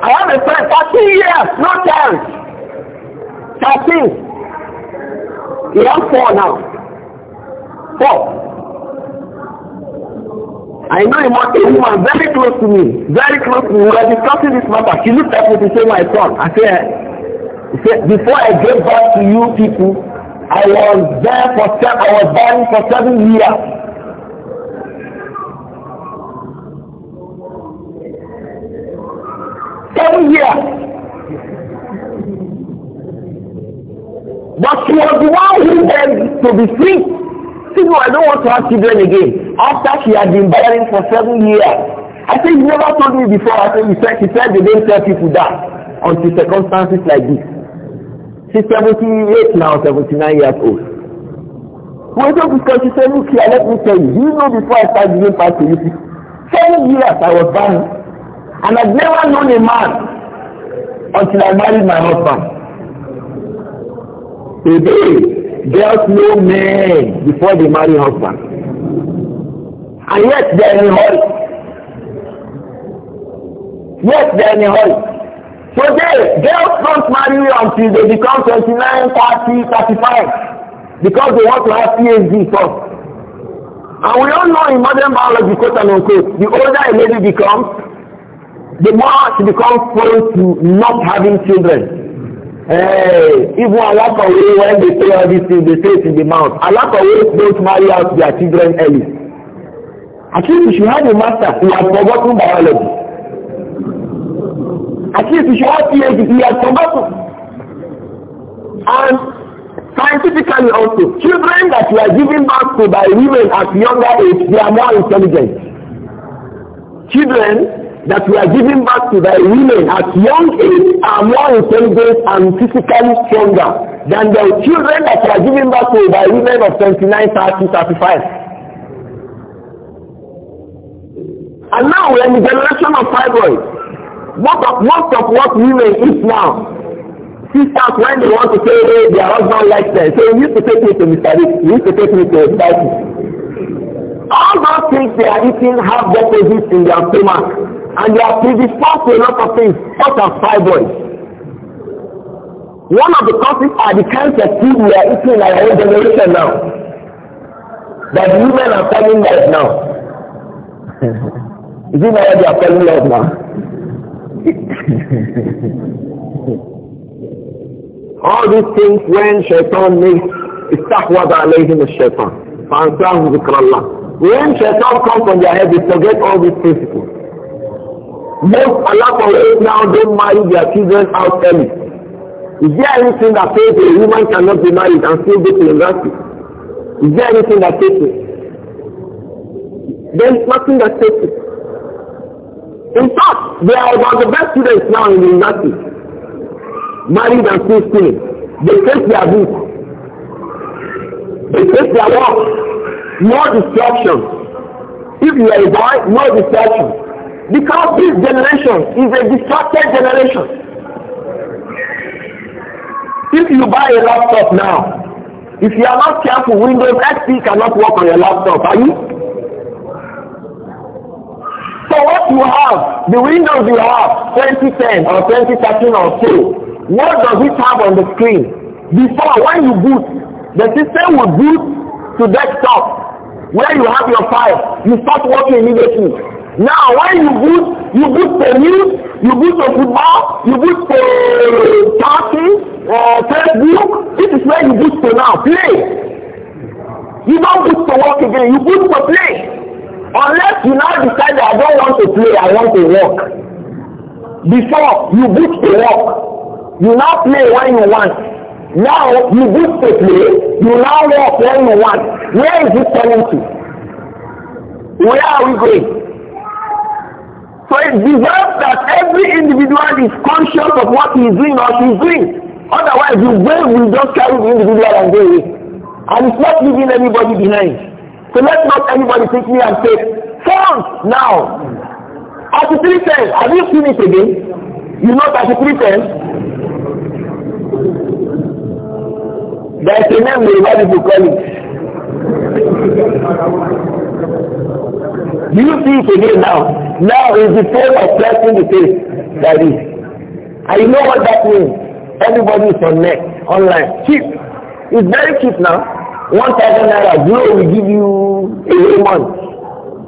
I have a friend, 13 years, no chance. 13. He has four now. Four. I know a, a woman very close to me, very close to me, we were discussing this matter. She looked at me to say my son. I said, said, before I gave birth to you people, I was there for seven, I was born for seven years. Seven years. But she was the one who begged to be free. People, I don't want to have children again. After she had been bearing for seven years. I said, you never told me before. I said, you said, she said they don't tell people that until circumstances like this. She's 78 now, 79 years old. We went up because she said, look here, let me tell you. Do you know before I started giving part to you, seven years I was barren. And I've never known a man until I married my husband. Today, girls know men before they marry husband. And yet they are in a hurry. Yes, they are in a hurry. they girls don't marry until they become twenty nine, thirty, thirty five, because they want to have PhD first. And we all know in modern biology, quote unquote, the older a lady becomes, the more she becomes prone to not having children. Hey, even Alakawe, when they say all these things, they say it in the mouth. Alakawe don't marry out their children early. At least if you have a master, he has forgotten biology. At least if you have PhD, he has forgotten. And scientifically also, children that you are giving birth to by women at younger age, they are more intelligent. Children that we are giving back to thy women at young age are more intelligent and physically stronger than the children that are given back to thy women of 29, 30, 35. And now we are in the generation of fibroids. Most of, most of what women eat now, sisters, when they want to say, hey, their husband likes them, so you used to take me to Mr. Rick, you used to take me to Mr. All those things they are eating have deposits in their stomach. And they are predisposed to a lot of things, such as fibroids. One of the causes are the kinds of food we are eating in our own generation now. That women are telling us now. Is it not they are telling us now? All these things when shaitan makes استحوذ عليهم Shaitan. فأنساهم ذكر الله when shaitan comes on their head they forget all these principles most a lot of us now don't marry their children out early. Is there anything that says a woman cannot be married and still go to university? Is there anything that says it? There is nothing that says it. In fact, they are about the best students now in the university. Married and still schooling. They take their book. They take their work. No destruction. If you are a boy, no destruction. Because this generation is a distracted generation. If you buy a laptop now, if you are not careful, Windows XP cannot work on your laptop, are you? So what you have, the Windows you have, 2010 or 2013 or so, what does it have on the screen? Before, when you boot, the system will boot to desktop, where you have your file. You start working immediately. Now, when you boot, you boot the news, you boot the football, you boot the party, uh, Facebook, this is where you boot to now. Play. You don't boot to work again, you boot to play. Unless you now decide that I don't want to play, I want to work. Before, you boot to work. You now play when you want. Now you book to play, you now work when you want. Where is this coming to? Where are we going? So it deserves that every individual is conscious of what he is doing or she is doing. Otherwise, the way will just carry the individual and go away. And it's not leaving anybody behind. So let not anybody take me and say, "Come now. as a three have you seen it again? You know as a three times? There is a name they want to call it. Do you see it again now? Now is the time of pressing the face. That is. And you know what that means? Everybody is on net, online. Cheap. It's very cheap now. One thousand naira, Glow will give you a month.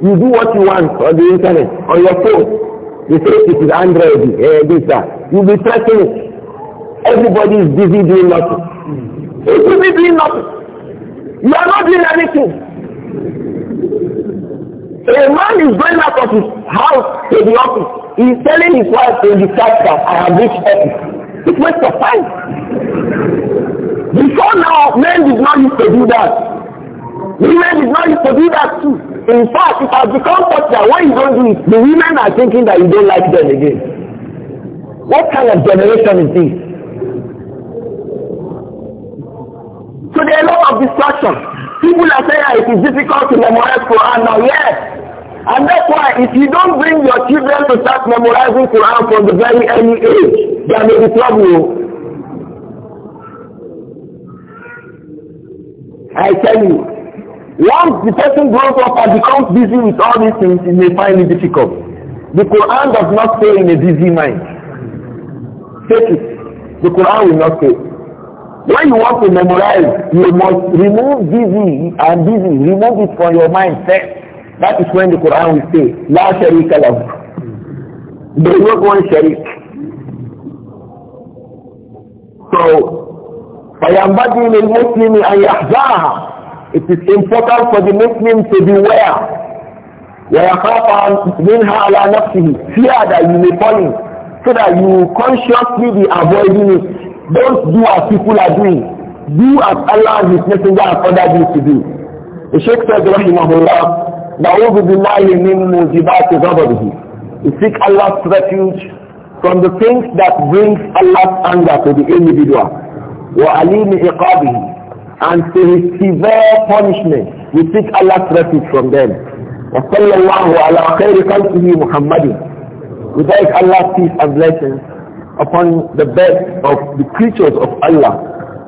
You do what you want on the internet, on your phone. You say it is Android, eh, this, that. You'll be pressing it. Everybody is busy doing nothing. It's busy doing nothing. You are not doing anything. A man is going out of his house to the office. He is telling his wife to the fact that I have reached office. It's waste of time. Before now, men did not used to do that. Women did not used to do that too. In fact, it has become such that when you don't do it, the women are thinking that you don't like them again. What kind of generation is this? So there are a lot of distractions. People are saying it is difficult to memorize Quran now. Yes, And that's why if you don't bring your children to start memorizing Quran from the very early age, there may be trouble. I tell you, once the person grows up and becomes busy with all these things, he may find it difficult. The Quran does not stay in a busy mind. Take it. The Quran will not stay. When you want to memorize, you must remove busy and busy. Remove it from your mind first. That is when the Quran will say, La sharika lahu. There is not one sharik. So, فَيَنْبَغِي لِلْمُسْلِمِ أَنْ يَحْذَرَهَا It is important for the Muslim to beware. وَيَخَافَ مِنْهَا عَلَى نَفْسِهِ Fear that you may fall in, so that you consciously be avoiding it. Don't do as people are doing. Do as Allah and His Messenger have ordered you to do. The Sheikh said, رحمه الله, نعوذ بالله من موجبات غضبه we seek Allah's refuge from the things that brings Allah's anger to the individual wa وعليم iqabihi, and to his severe punishment we seek Allah's refuge from them wa الله على خير خلقه محمد we beg Allah's peace and blessings upon the best of the creatures of Allah,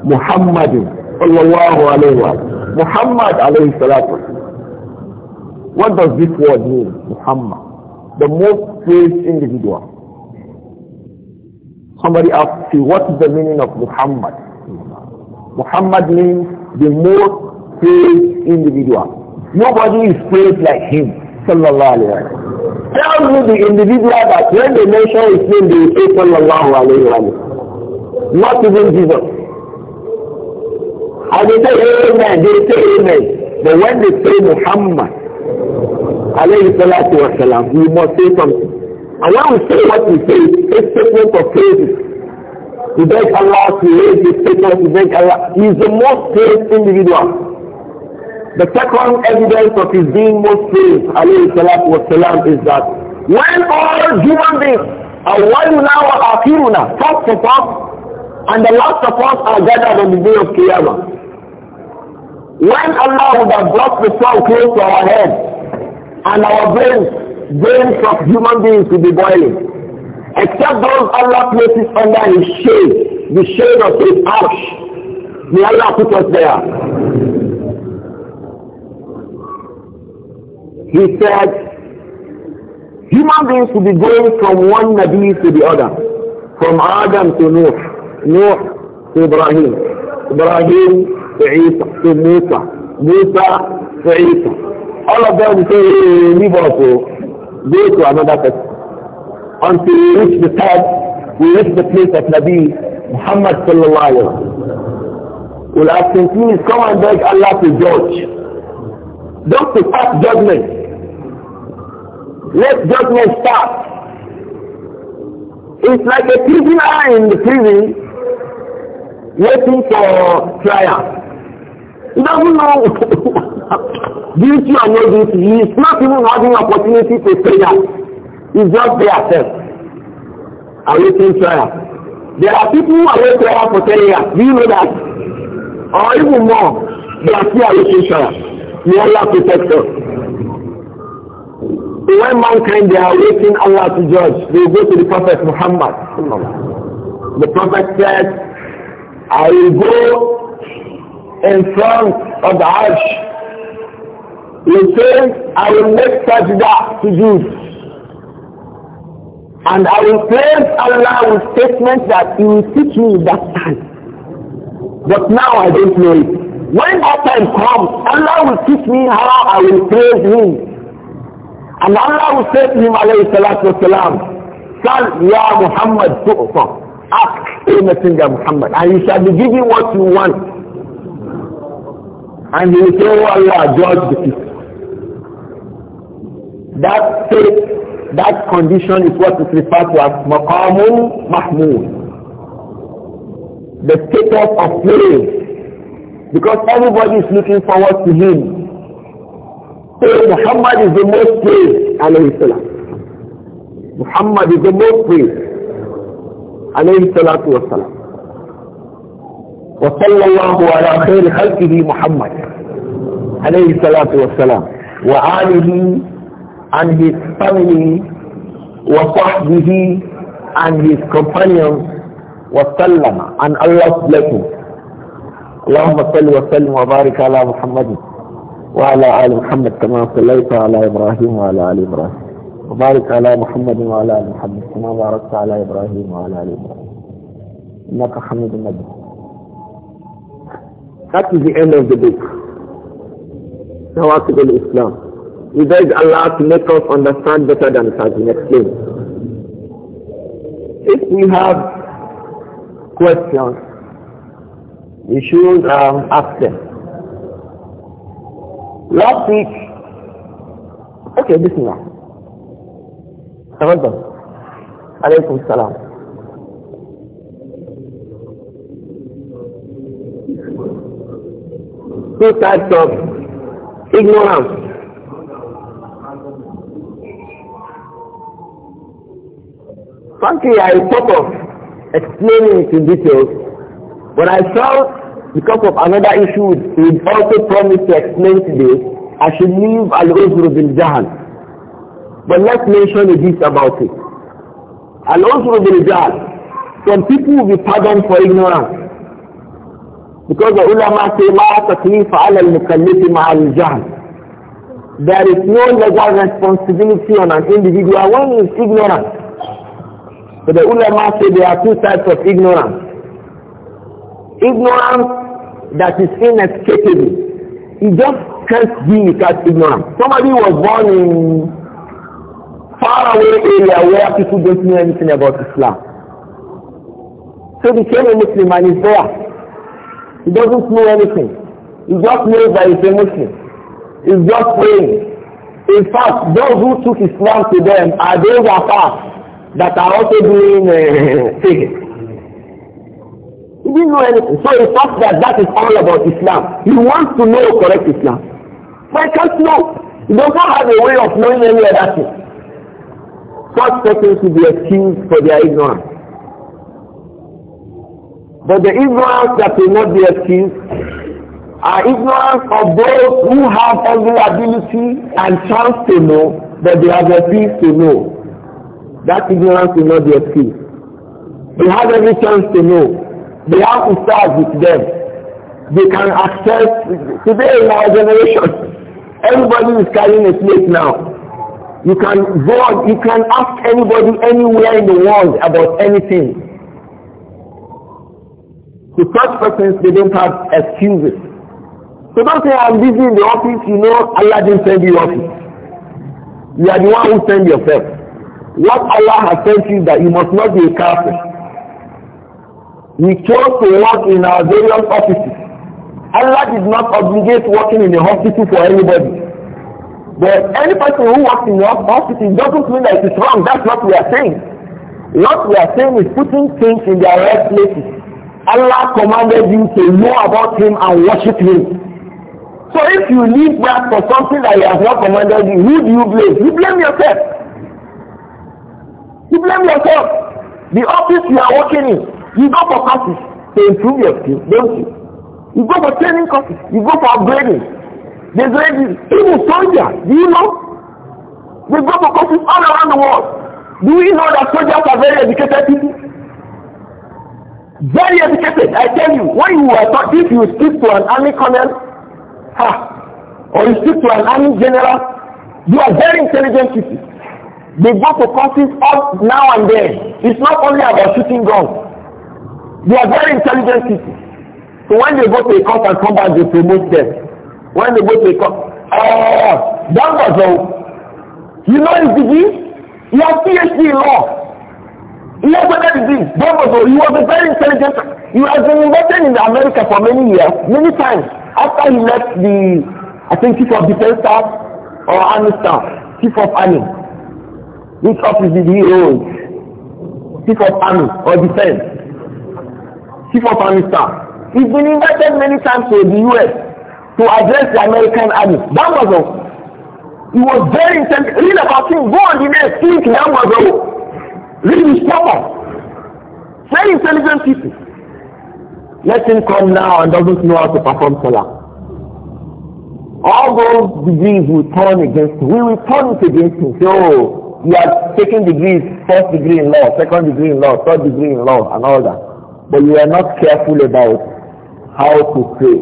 Muhammadin, sallallahu alayhi wa Muhammad alayhi salatu what does this word mean, Muhammad? The most praised individual. Somebody asked you, what is the meaning of Muhammad? Muhammad means the most praised individual. Nobody is praised like him. Sallallahu alayhi wa Tell me the individual that when they mention his name, they say sallallahu alayhi wa Not even Jesus. And they say amen, they say amen. But when they say Muhammad, alayhi salatu wasalam, we must say something. And when we say what we say, it's statement of praises. We beg Allah to raise his statement, we beg Allah. He is the most praised individual. The second evidence of his being most praised, alayhi salatu wasalam, is that when all human beings, awaluna wa akhiruna, first of us and the last of us are gathered on the day of Qiyamah. When Allah would have brought the sun close to our heads, and our brains, brains of human beings will be boiling. Except those Allah places under His shade, the shade of His arsh. May Allah put us there. He said, human beings will be going from one Nabi to the other, from Adam to Noah, Noah to Ibrahim, Ibrahim to Isa, to Musa, Musa to Isa all of them will say, leave us, go to another place. Until we reach the third, we reach the place of Nabi Muhammad sallallahu alayhi wa sallam. We'll ask him, please come and beg Allah to judge. Don't to pass judgment. Let judgment start. It's like a prisoner in the prison waiting for trial. He doesn't know Guilty or no guilty, he is not even having opportunity to say that. He's just there self. Awaiting trial. There are people who are waiting for 10 years. Do you know that? Or even more, they are still awaiting you. are Allah protect us. When mankind they are waiting Allah to judge, they go to the Prophet Muhammad. The Prophet said, I will go in front of the arch he says, I will make sajda to Jews. And I will praise Allah with statements that He will teach me that time. But now I don't know it. When that time comes, Allah will teach me how I will praise Him. And Allah will say to him, alayhi salatu wasalam, Son, Ya Muhammad, tu'fa. Ask, anything, Messenger Muhammad, and you shall be given what you want. And he will say, Oh Allah, judge the people. That state, that condition is what is referred to as maqamun mahmud. The status of praise. Because everybody is looking forward to him. So Muhammad is the most praised, alayhi Muhammad is the most praised, alayhi salatu wa salam. وصلى الله على خير خلقه محمد عليه الصلاة والسلام وآله and his family وصحبه and his companions وسلم and Allah's blessings اللهم صل وسلم وبارك على محمد وعلى آل محمد كما صليت على إبراهيم وعلى آل إبراهيم وبارك على محمد وعلى آل محمد كما باركت على إبراهيم وعلى آل إبراهيم إنك حميد مجيد That is the end of the book. نواقض الإسلام we beg Allah to make us understand better than it has been explained. If we have questions, we should um, ask them. Last week, okay, this now. تفضل عليكم السلام two types of ignorance Frankly, I thought of explaining it in details, but I felt because of another issue he also promised to explain today, I should leave Al-Uzru bin Jahan. But let's mention a bit about it. Al-Uzru bin Jahan, some people will be pardoned for ignorance. Because the ulama say, مَا تَكْلِيفَ عَلَى الْمُكَلِّفِ مَعَ الْجَهْلِ There is no legal responsibility on an individual when he is ignorant. But the ulama say there are two types of ignorance. Ignorance that is inescapable. You just can't be without ignorance. Somebody was born in faraway area where people don't know anything about Islam. So he became a Muslim and he's there. He doesn't know anything. He just knows that he's a Muslim. He's just praying. In fact, those who took Islam to them are those afar that are also doing uh, faking. He didn't know anything. So he thought that that is all about Islam. He wants to know correct Islam. But he can't know. He does not have a way of knowing any other thing. Such persons should be excused for their ignorance. But the ignorance that will not be excused are ignorance of those who have every ability and chance to know, but they have refused to know. That ignorance will not be excused. They have every chance to know. They have to start with them. They can access, today in our generation, everybody is carrying a plate now. You can go on, you can ask anybody anywhere in the world about anything. To such persons, they don't have excuses. So don't say, I'm busy in the office, you know, Allah didn't send you office. You are the one who sent yourself. What Allah has sent you that you must not be a kafir. We chose to work in our various offices. Allah did not obligate working in a hospital for anybody. But any person who works in a hospital doesn't mean that it is wrong. That's what we are saying. What we are saying is putting things in their right places. Allah commanded you to know about Him and worship Him. So if you leave that for something that He has not commanded you, who do you blame? You blame yourself. You blame yourself. The office you are working in, you go for classes to improve your skill, don't you? You go for training courses, you go for upgrading. There's already even soldiers, do you know? They go for courses all around the world. Do you know that soldiers are very educated people? Very educated, I tell you. When you are taught, if you speak to an army colonel, ha, or you speak to an army general, you are very intelligent people. They go to courses up now and then. It's not only about shooting guns. They are very intelligent people. So when they go to a course and come back, they promote them. When they go to a Ah, uh, that was all. You know his degree? He has PhD in law. He has another degree. That was all. He was a very intelligent He has been invested in America for many years, many times. After he left the, I think, chief of defense staff or army staff, chief of army. Which office did he hold? Chief of Army or Defense? Chief of Army staff. He's been invited many times to the US to address the American army. That was all. He was very intent. Read about him. Go on the net. Think that was all. Read his proper. Very intelligent people. Let him come now and doesn't know how to perform Salah. All those degrees will turn against him. We will turn it against him. So, you are taking degrees, first degree in law, second degree in law, third degree in law, and all that. But you are not careful about how to pray.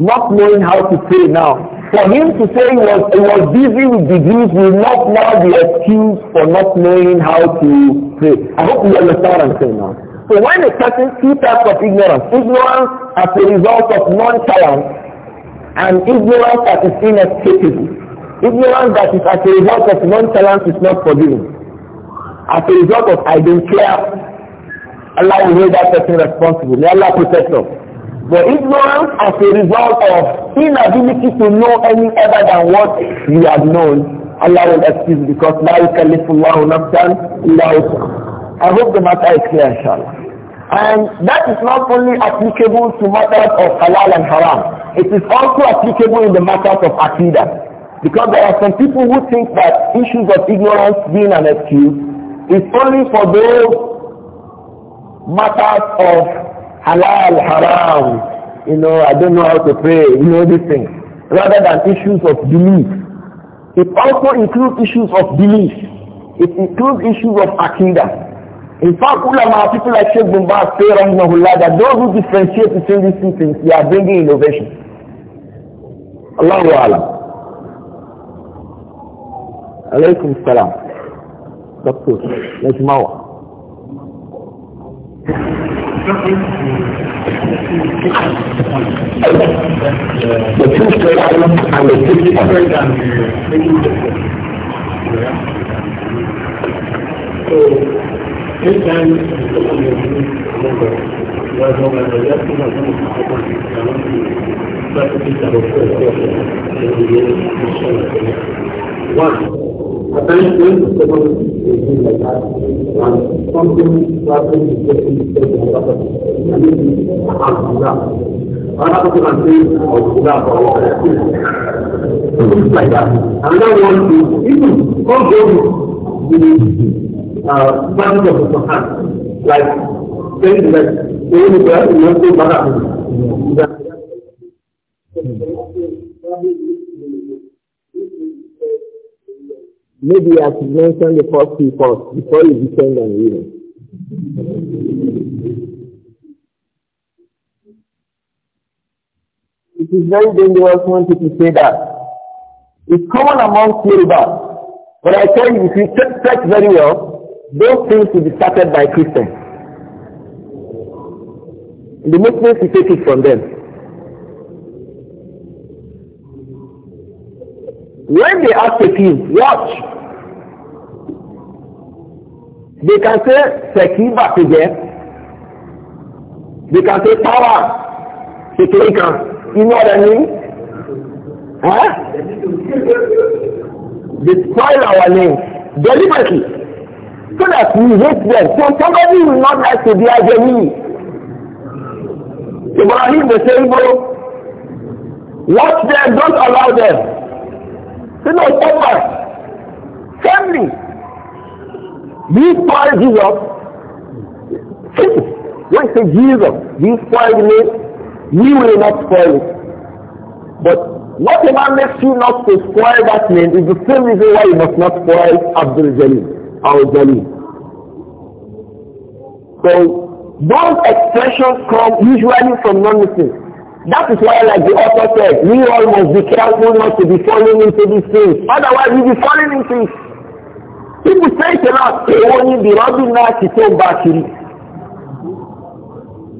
Not knowing how to pray now. For him to say he was, he was busy with degrees will not now be excuse for not knowing how to pray. I hope you understand what I'm saying now. So when a person two types of ignorance, ignorance as a result of non-talent and ignorance that is inescapable. Ignorance that is as a result of nonchalance is not forgiven. As a result of I don't care, Allah will hold that person responsible. May Allah protect us. But ignorance as a result of inability to know any other than what you have known, Allah will excuse because la yukallifullahu nafsan illa I hope the matter is clear inshallah. And that is not only applicable to matters of halal and haram. It is also applicable in the matters of aqidah. Because there are some people who think that issues of ignorance being an excuse is only for those matters of halal, haram, you know, I don't know how to pray, you know, these things, rather than issues of belief. It also includes issues of belief. It includes issues of akidah. In fact, ulama, people like Sheikh Bumba say, rahimahullah, that those who differentiate between these two things, they are bringing innovation. Allahu Alam. alaikum salam doctor nashimawa the two questions and the six So, this time, was on the left of the But it is our first question. One, Like that. Another one is even all go to the uh, of the Quran, like saying that they will be able to go back Maybe as should mention the first two first before you descend on women. It is very dangerous when people say that. It's common among Yoruba. But I tell you, if you check very well, those things will be started by Christians. The Muslims will take it from them. When they ask a king, watch. They can say Sekiba to them. They can say power. Sekirika. You know what I mean? Huh? They spoil our name deliberately. So that we hate them. So somebody will not like to be our enemy. Ibrahim the same bro. Watch them, don't allow them. You know, someone, family. These spoil Jesus. Simple. When say Jesus, you spoil me, you will not spoil it. But whatever makes you not to spoil that name is the same reason why you must not spoil Abdul Jalil or So those expressions come usually from non-Muslims. That is why, like the author said, we all must be careful not to be falling into these things. Otherwise, we'll be falling into it. People say to us, they will be rubbing to turn back in.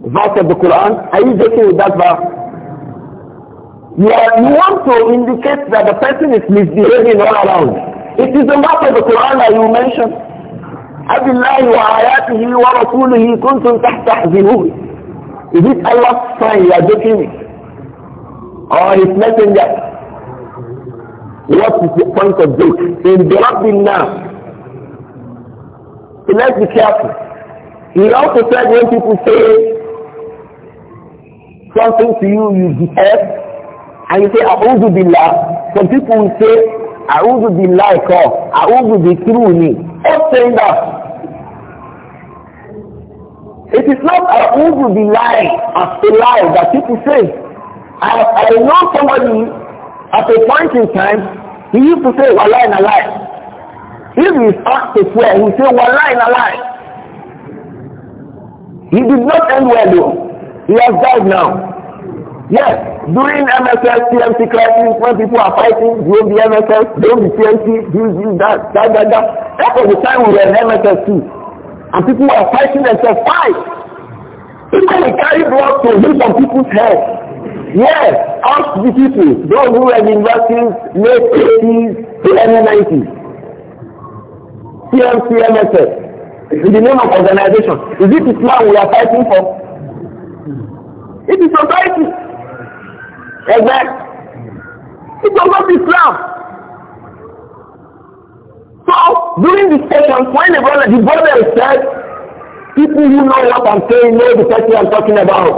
Verse of the Quran, are you joking with that verse? You, are, you want to indicate that the person is misbehaving all around. It is the verse of the Quran that you mentioned. أبي الله وآياته ورسوله كنتم تستهزئون Is it Allah's sign you are joking me, Or his messenger? What is the point of joke? In the Rabbin now. So let's be careful. He also said when people say something to you, you behave, and you say, A'udhu Billah. Some people will say, A'udhu Billah, or A'udhu me. Stop saying that. It is not a evil be lying as a lie that people say. I, I know somebody at a point in time, he used to say, Wallah and a lie. If he is asked to swear, he say, Wallah and a lie. He did not end well though. He has died now. Yes, during MSL, CMC crisis, when people are fighting, don't the MSL, don't the CMC, do, this, that, that, that, that. That was the time we were in MSL too. And people are fighting themselves. Why? People will carry blood to hit on people's heads. Yes, ask the people, those who were in working late 80s, early 90s. CMCMSF, in the name of organization. Is it Islam we are fighting for? It is society. Exactly. It was not Islam. Now during session, when the brother, the brother said, people who know what I'm saying know the person I'm talking about.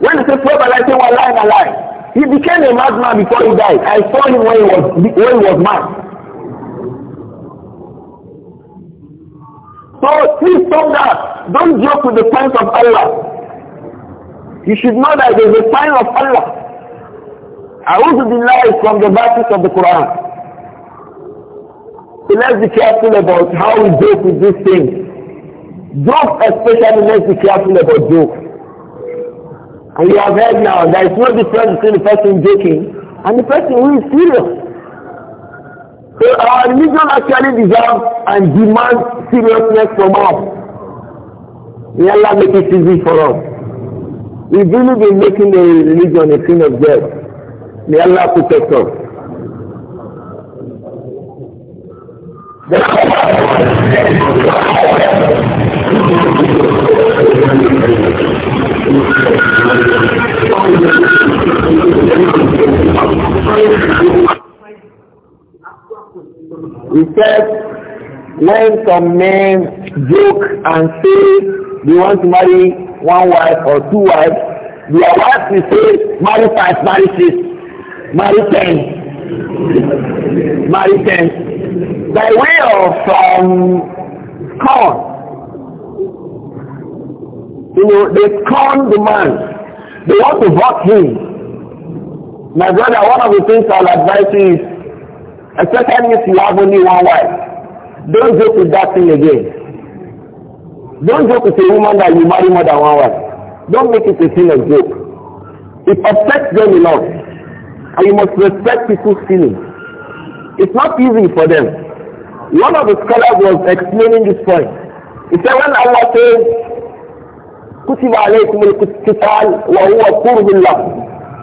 When he said brother, I say, well, lying I lie. He became a madman before he died. I saw him when he was when he was mad. So please stop that. Don't joke with the signs of Allah. You should know that there's a sign of Allah. I want deny be from the verses of the Quran. So let's be careful about how we joke with these things. Joke especially, let's be careful about joke. And you have heard now, there is no difference between the person joking and the person who is serious. So our religion actually deserves and demands seriousness from us. May Allah make it easy for us. We've really been making the religion a thing of death. May Allah protect us. He said, when some men joke and say they want to marry one wife or two wives, their wife will say, marry five, marry six, marry ten, Mariten, by way of um, corn. You know, they con the man. They want to vote him. My brother, one of the things I'll advise you is, especially if you have only one wife, don't go to that thing again. Don't joke with a woman that you marry more than one wife. Don't make it a thing of joke. It upsets them a lot. And you must respect people's feelings. It's not easy for them. One of the scholars was explaining this point. He said when Allah says, كتب عليكم القتال وهو كره لكم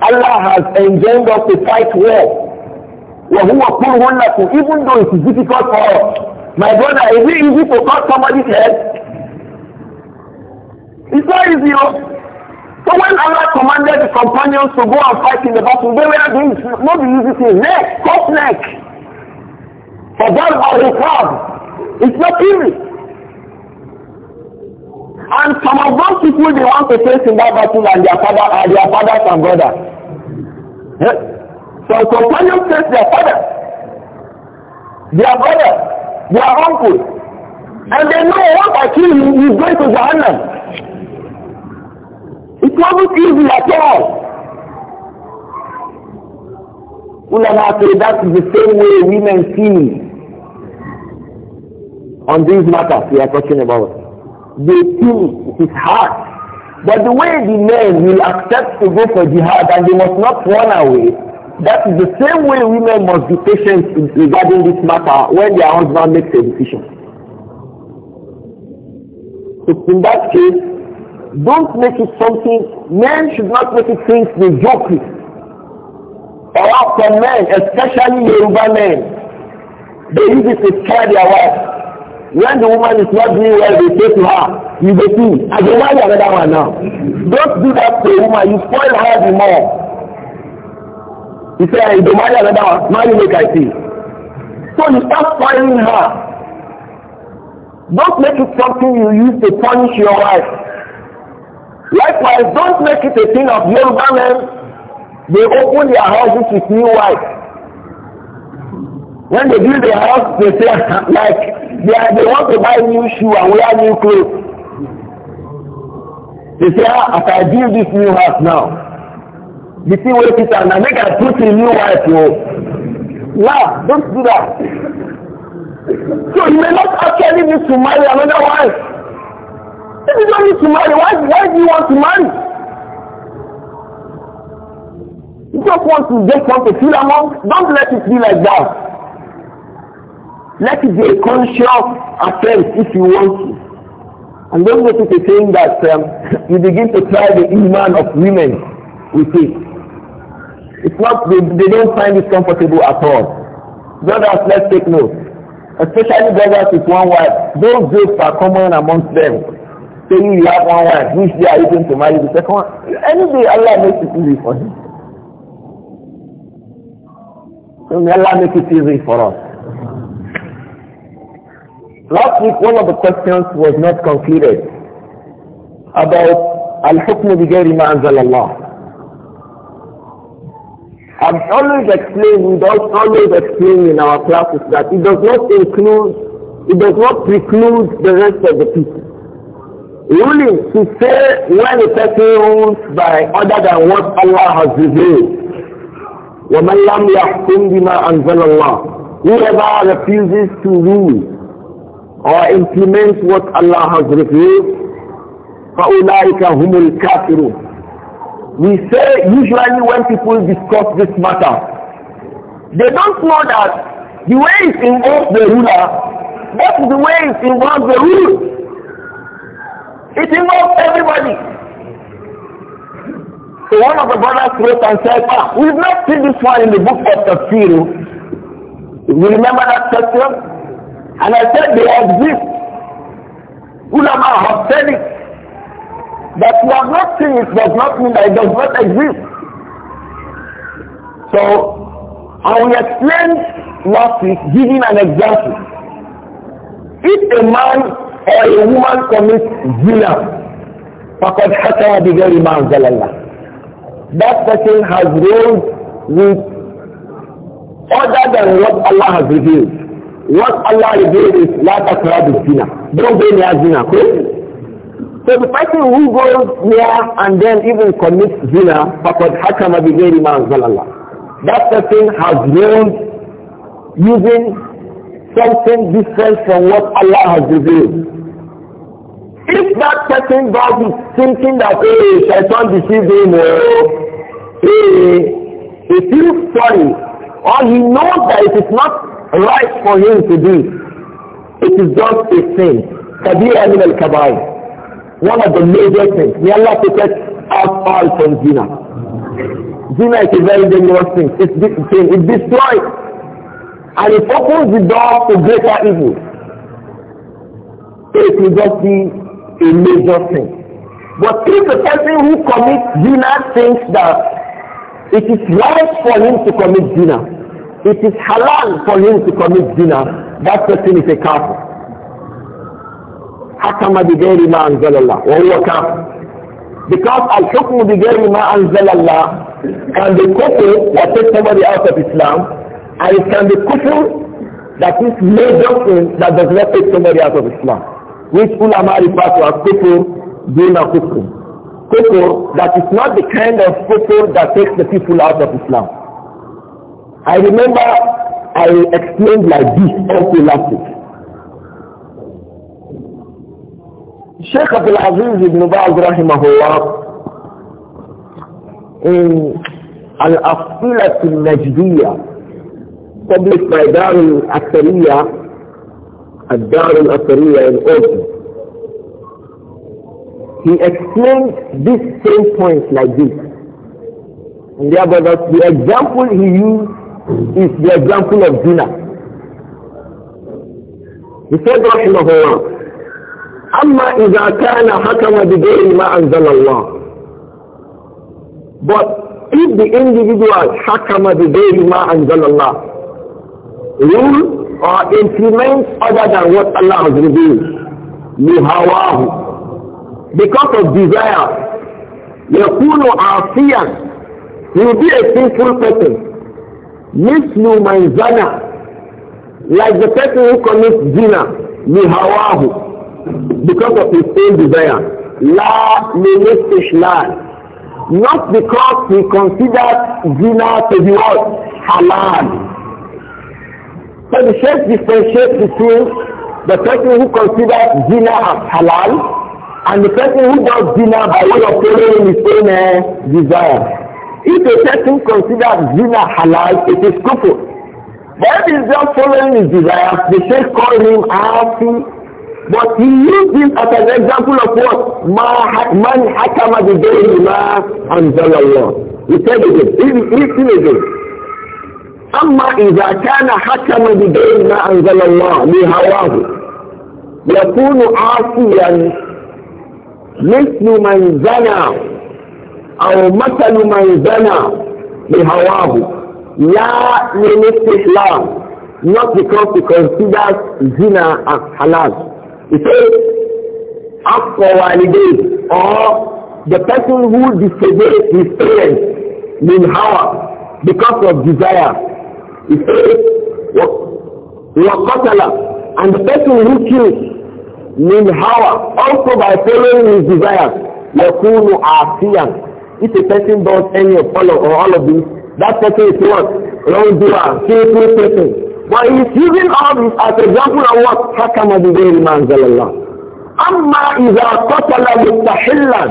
Allah has enjoined us to fight war. وهو كره لكم even though it is difficult for us. My brother, is it easy to cut somebody's head? It's not easy. Oh. So when Allah commanded the companions to go and fight in the battle, they were doing not the easy thing. Neck, cut neck. For them are required. It's not easy. And some of those people they want to face in that battle and their father are their fathers and brothers. Yeah. Some companions face their father, their brother, their uncle. And they know once I kill him, he's going to Jahannam. It wasn't easy at all. Ulama say that is the same way women feel on these matters we are talking about. They think it is hard. But the way the men will accept to go for jihad and they must not run away, that is the same way women must be patient regarding this matter when their husband makes a decision. So in that case, don't make it something, men should not make it things they joke with. Or after men, especially Yoruba men, they use it to scare their wife. When the woman is not doing well, they say to her, you go see, I go marry another one now. Don't do that to a woman, you spoil her the more. You say, I go marry another one, marry make I see. So you start spoiling her. Don't make it something you use to punish your wife. Likewise, don't make it a thing of Yoruba men. They open their houses with new wife. When they build their house, they say, like, they, are, they want to buy new shoe and wear new clothes. They say, ah, as I build this new house now, the thing wey fit am na make I put in new wife o. Oh. Now, don't do that. So you may not actually need to marry another wife. you don't need to marry, why, why do you want to marry? You just want to just want to feel among. Don't let it be like that. Let it be a conscious attempt if you want to. And don't let it be saying that um, you begin to try the iman of women with it. It's not, they, they don't find it comfortable at all. Brothers, let's take note. Especially brothers with one wife. Those jokes are common amongst them. Say you have one wife, which day are you going to marry the second one? Any day Allah makes it easy for him. So may Allah make it easy for us. Last week one of the questions was not concluded about Al-Hukm Bigari Ma'anzal Allah. I've always explained, we don't always explain in our classes that it does not include, it does not preclude the rest of the people. ruling to say when a person rules by other than what Allah has revealed. وَمَنْ لَمْ يَحْكُمْ بِمَا أَنْزَلَ اللَّهِ Whoever refuses to rule or implement what Allah has revealed, فَأُولَٰئِكَ هُمُ الْكَافِرُونَ We say usually when people discuss this matter, they don't know that the way it involves the ruler, that's the way it involves the rule. It involves everybody. So one of the brothers wrote and said, ah, we've not seen this one in the book of the Tafsir. You remember that section?" And I said they exist. Ulama have said it. That we have not seen it does not mean that it does not exist. So, I will explain, last week giving an example. If a man or a woman commits zina فَقَدْ حَكَمَ بِغَيْرِ مَا أَنْزَلَ Allah. That person has ruled with other than what Allah has revealed. What Allah revealed is لَا zina. الزِّنَا Don't go near zina. Correct? So the person who goes near and then even commits zina, فَقَدْ حَكَمَ بِغَيْرِ مَا أَنْزَلَ Allah. That person has ruled using something different from what Allah has revealed. If that person does is thinking that, hey, Shaitan deceived him, oh, hey, he feels sorry, or he knows that it is not right for him to do, it is just a sin. Kabir Amin al Kabai. One of the major things. May Allah protect us all from zina. Zina is a very dangerous thing. It's, it destroys And it opens the door to greater evil. it will just be a major thing. But if the person who commits zina thinks that it is right for him to commit zina, it is halal for him to commit zina, that person is a kafir. حكم بغير ما أنزل الله وهو كافر because الحكم بغير ما أنزل الله and the coupled that takes somebody out of Islam And it can be kufr that is major sin that does not take somebody out of Islam. Which ulama refer to as kufr, a kufr. Kufr that is not the kind of kufr that takes the people out of Islam. I remember I explained like this also last week. Sheikh Abdul Aziz ibn Baz rahimahullah in Al-Afqilat al-Najdiyah published by Darul Athariya at Darul Athariya in Oslo. He explained this same point like this. And there, but the example he used is the example of dinner. He said, رحمه الله, أما إذا كان حكم بغير ما أنزل الله. But if the individual حكم بغير ما أنزل الله, rule or implement other than what Allah has revealed. Lihawahu. Because of desire, يكون عاصيا he will be a sinful person. مثل من like the person who commits zina lihawahu because of his own desire. La lilistishlan not because he considers zina to be what? Halal. So the Sheikh differentiates between the person who considers zina as halal and the person who does zina by way of following his own eh, desire. If a person considers zina halal, it is kufr. But if is just following his desire, the Sheikh calls him afi but he used this as an example of what? Man hakama bi ma anzalallah. He said again, he repeated again. أما إذا كان حكم بغير ما أنزل الله لهواه يكون عاصيا مثل من زنى أو مثل من زنى بهواه لا للاستحلام not because he considers zina as halal. He says, ask for walidain or the person who disobeyed his parents in hawa because of desire he are وَقَتَلَ And the person who kills min hawa, also by following his desires, يَكُونُ عَافِيًا If a person does any of all of, or all of these, that person is what? Wrongdoer, sinful person. But he is using all this as example of what? حَكَمَ بِغَيْرِ مَنْزَلَ Amma is a قَتَلَ مُسْتَحِلًا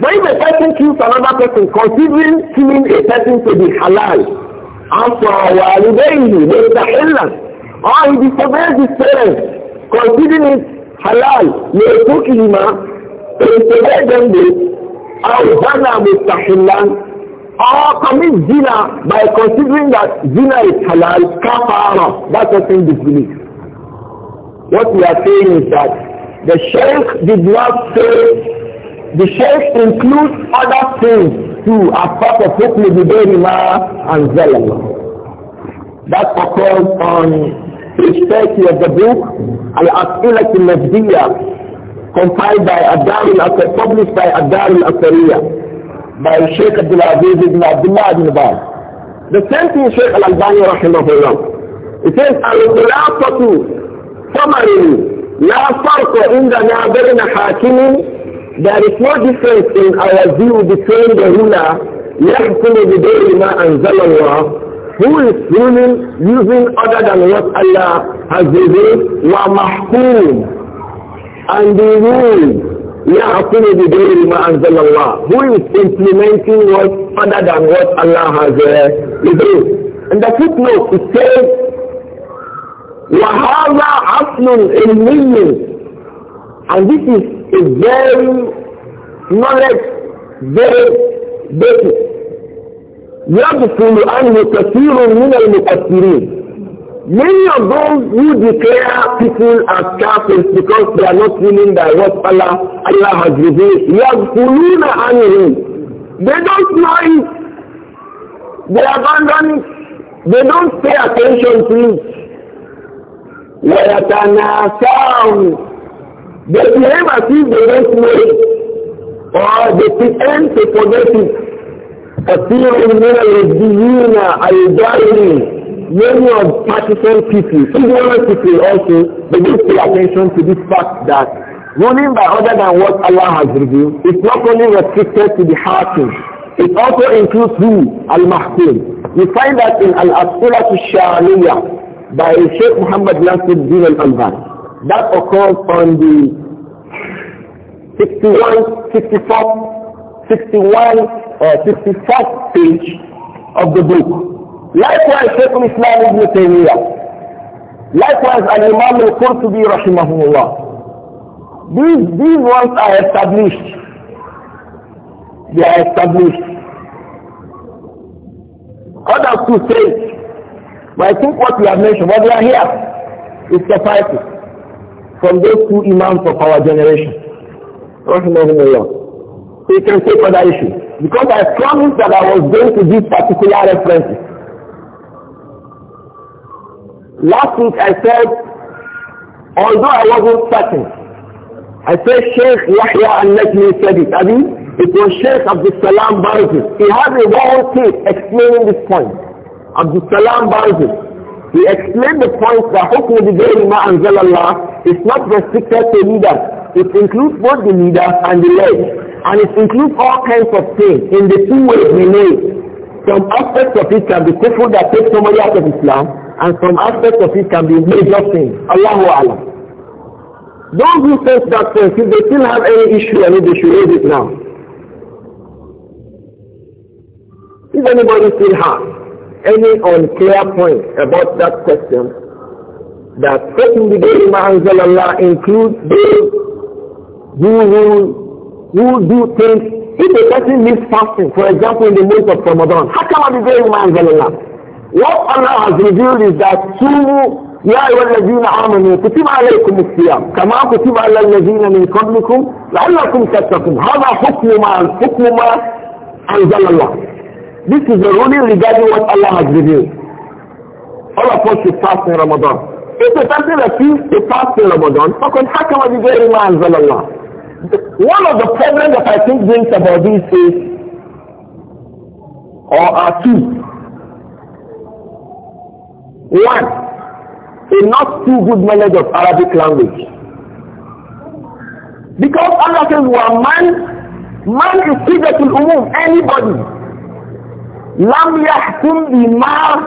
But if a person kills another person, considering killing a person to be halal, عصى والديه مستحلا or he disobeyed his parents considering it halal ليتكلما to disobey them this أو زنى مستحلا or commit zina by considering that zina is halal, kafara, that person Believe. What we are saying is that the sheikh did not say the sheikh includes other things too as part of Hukm Bidayrima and Zalallah. That occurs on page 30 of the book, Al-As'ilat al-Najdiyya, compiled by Adar al published by Adar al-Asariya, by Sheikh Abdul Aziz ibn Abdullah ibn Baz. The same thing Sheikh al-Albani rahimahullah. It says, Al-Qulatatu, summary, لا فرق عندنا بين حاكم there is no difference in our view between the ruler, يحكم ما أنزل الله, who is ruling using other than what Allah has revealed, ومحكوم, and the ruler, يحكم ما أنزل الله, who is implementing what other than what Allah has uh, revealed. And the footnote, it says, وهذا أصل علمي, and this is is very knowledge, very basic. يبطل عنه كثير من المفسرين. Many of those who declare people as kafirs because they are not willing by what Allah, Allah has revealed, يبطلون عنه. They don't know They abandon it. They don't pay attention to it. ويتناسون they behave as if they don't know it, or they pretend to forget it. كثير من الربيين الجاهلين many of partisan people, other people also, they don't pay attention to this fact that ruling by other than what Allah has revealed is not only restricted to the hakim, it also includes who? Al-Mahkum. We find that in Al-Asura al Sha'aliyah by Sheikh Muhammad Nasruddin Al-Albani. That occurs on the 61, 64, 61, uh, 64th page of the book. Likewise, Shaykh Islam Ibn Taymiyyah. Likewise, Al-Imam Al-Qurtubi Rahimahullah. These, these ones are established. They are established. Others to say, but I think what we have mentioned, what we are here, is suffices from those two imams of our generation. So you can take other issues. Because I promised that I was going to give particular references. Last week I said, although I wasn't certain, I said Sheikh Yahya al-Najmi said it. I mean, it was Sheikh Abdul Salam Barzis. He had a whole tape explaining this point. Abdul Salam Barzis. He explained the point that Hukm بغير ما أنزل Allah is not restricted to leaders. It includes both the leaders and the led. And it includes all kinds of things in the two ways we know it. Some aspects of it can be kufr that takes somebody out of Islam and some aspects of it can be major things. Allahu Alam. Those who sense that sense, if they still have any issue, I mean they should raise it now. If anybody still has, any unclear point about that question, that taking the day Allah includes those who, who, who do things, if a person needs fasting, for example in the month of Ramadan, how come the day Allah? What Allah has revealed is that two يا أيها الذين آمنوا كتب عليكم الصيام كما كتب على الذين من قبلكم لعلكم تتقون هذا حكم ما حكم ما أنزل الله This is the ruling regarding what Allah has revealed. All of us should fast in Ramadan. If a person refuses to fast in Ramadan, فَقَدْ حَكَمَ بِغَيْرِ مَا أَنزَلَ اللَّهُ One of the problems that I think brings about this is, or are two. One, a not too good knowledge of Arabic language. Because Allah says, "Wa man, man is to umum, anybody." لم يحكم ma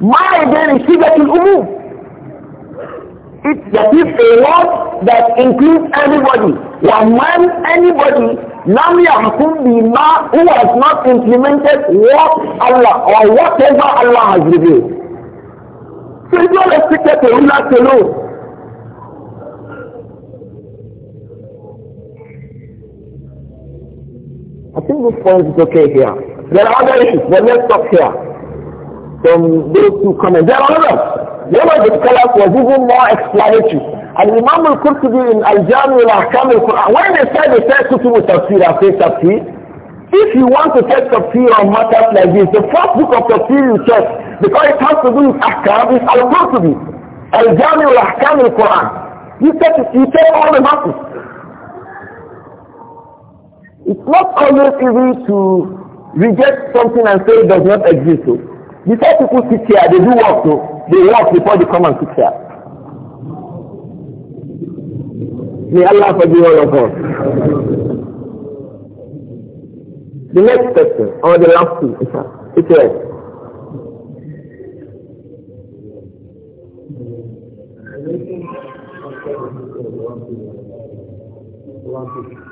مع غير شدة umu. It, that is a word that includes everybody. وَمَنْ anybody لَمْ يَحْكُمْ بِمَا who has not implemented what Allah or whatever Allah has revealed. So it's not restricted to rulers alone. I think this point is okay here. There are other issues, but let's stop here. From those two comments. There are others. One of the scholars was even more explanatory. And Imam al-Qurtubi in Al-Jami al-Ahkam al-Quran, when they said they said Kutubu Tafsir, I say Tafsir, if you want to take Tafsir on matters like this, the first book of Tafsir you check, because it has to do with Ahkam, is Al-Qurtubi. Al-Jami al-Ahkam al-Quran. You take, you take all the matters. It's not always easy to Reject something and say it does not exist. So. Oh. Before people sit here, they do work. So oh. they work before they come and sit here. May Allah forgive all of us. The next person, or the last two, it's right. Thank you.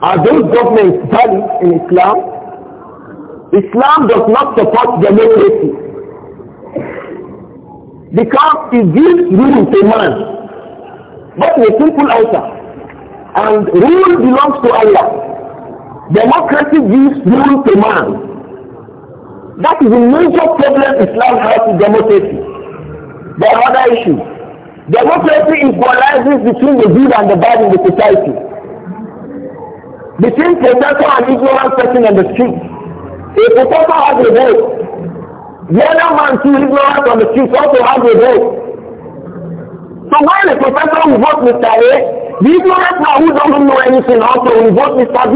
Are those governments valid in Islam? Islam does not support democracy. Because it gives rule to man. But a simple answer. And rule belongs to Allah. Democracy gives rule to man. That is a major problem Islam has with democracy. There are other issues. Democracy equalizes between the good and the bad in the society. Between professor and ignorant person on the street, a professor has a vote. The other man too ignorant on the street also has a vote. So when the professor will vote Mr. A, the ignorant man who doesn't know anything also will vote Mr. B.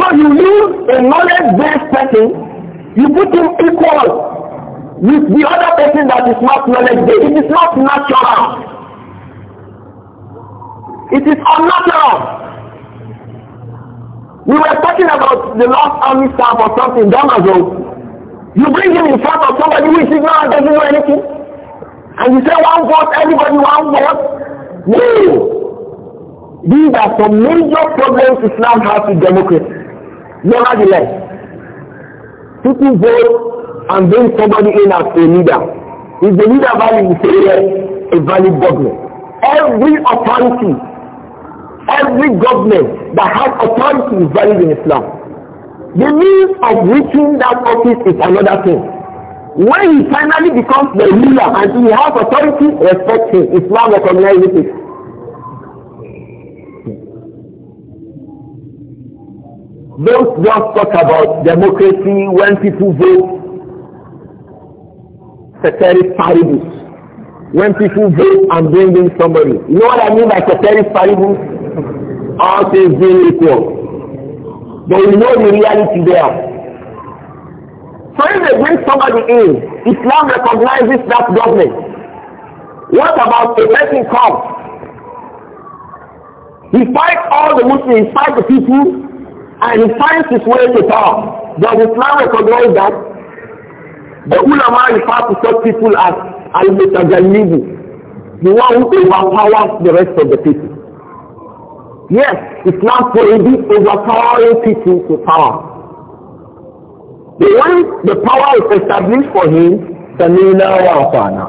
So you use a knowledge-based person, you put him equal with the other person that is not knowledge-based. It is not natural. It is unnatural. We were talking about the last army staff or something, Damaso. You bring him in front of somebody who is ignorant, doesn't know anything. And you say one vote, everybody one vote. No. These are some major problems Islam has with democracy. Nevertheless, people vote and bring somebody in as a leader. If the leader value is say yes, a valid government. Every authority every government that has authority is valid in Islam. The means of reaching that office is another thing. When he finally becomes the ruler and he has authority, respect him. Islam recognizes it. Don't just talk about democracy when people vote Ceteris paribus. When people vote and bring in somebody. You know what I mean by Ceteris paribus? all things being equal. There is no reality there. So if they bring somebody in, Islam recognizes that government. What about a person comes? He fights all the Muslims, he fights the people, and he finds his way to power. Does Islam recognize that? The ulama refer to such people as al-mutajallibu, the one who overpowers the rest of the people. Yes, Islam prohibits overpowering people to power. The one, the power is established for him, Samina wa Afana.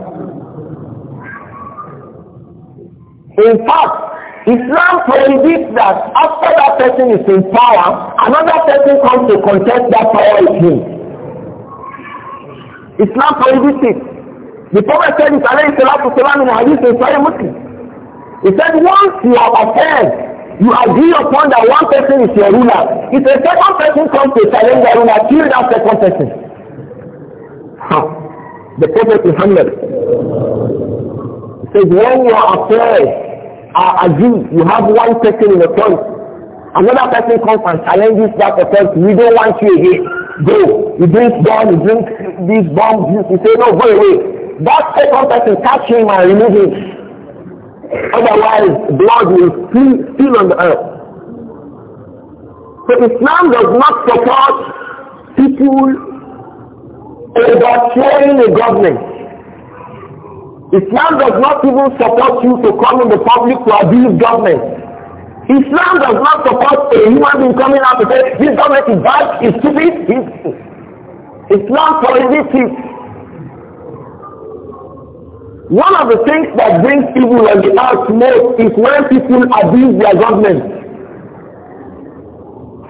In fact, Islam prohibits that after that person is in power, another person comes to contest that power with him. Islam prohibits it. The Prophet said it alayhi salatu salam in hadith in Sahih Muslim. He said once you have offended You agree upon that one person is your ruler. If a second person comes to challenge the ruler, kill that second person. Huh. The Prophet Muhammad says, when your affairs are agreed, you have one person in the front. Another person comes and challenges that person. We don't want you again. Go. You drink bomb, you drink this bomb, you say, no, go away. That second person catch him and remove him. Otherwise, blood will spill spill on the earth. So Islam does not support people overthrowing a government. Islam does not even support you to come in the public to abuse government. Islam does not support a human being coming out to say, this government is bad, is stupid. It's, Islam this it. One of the things that brings people on the earth most is when people abuse their government.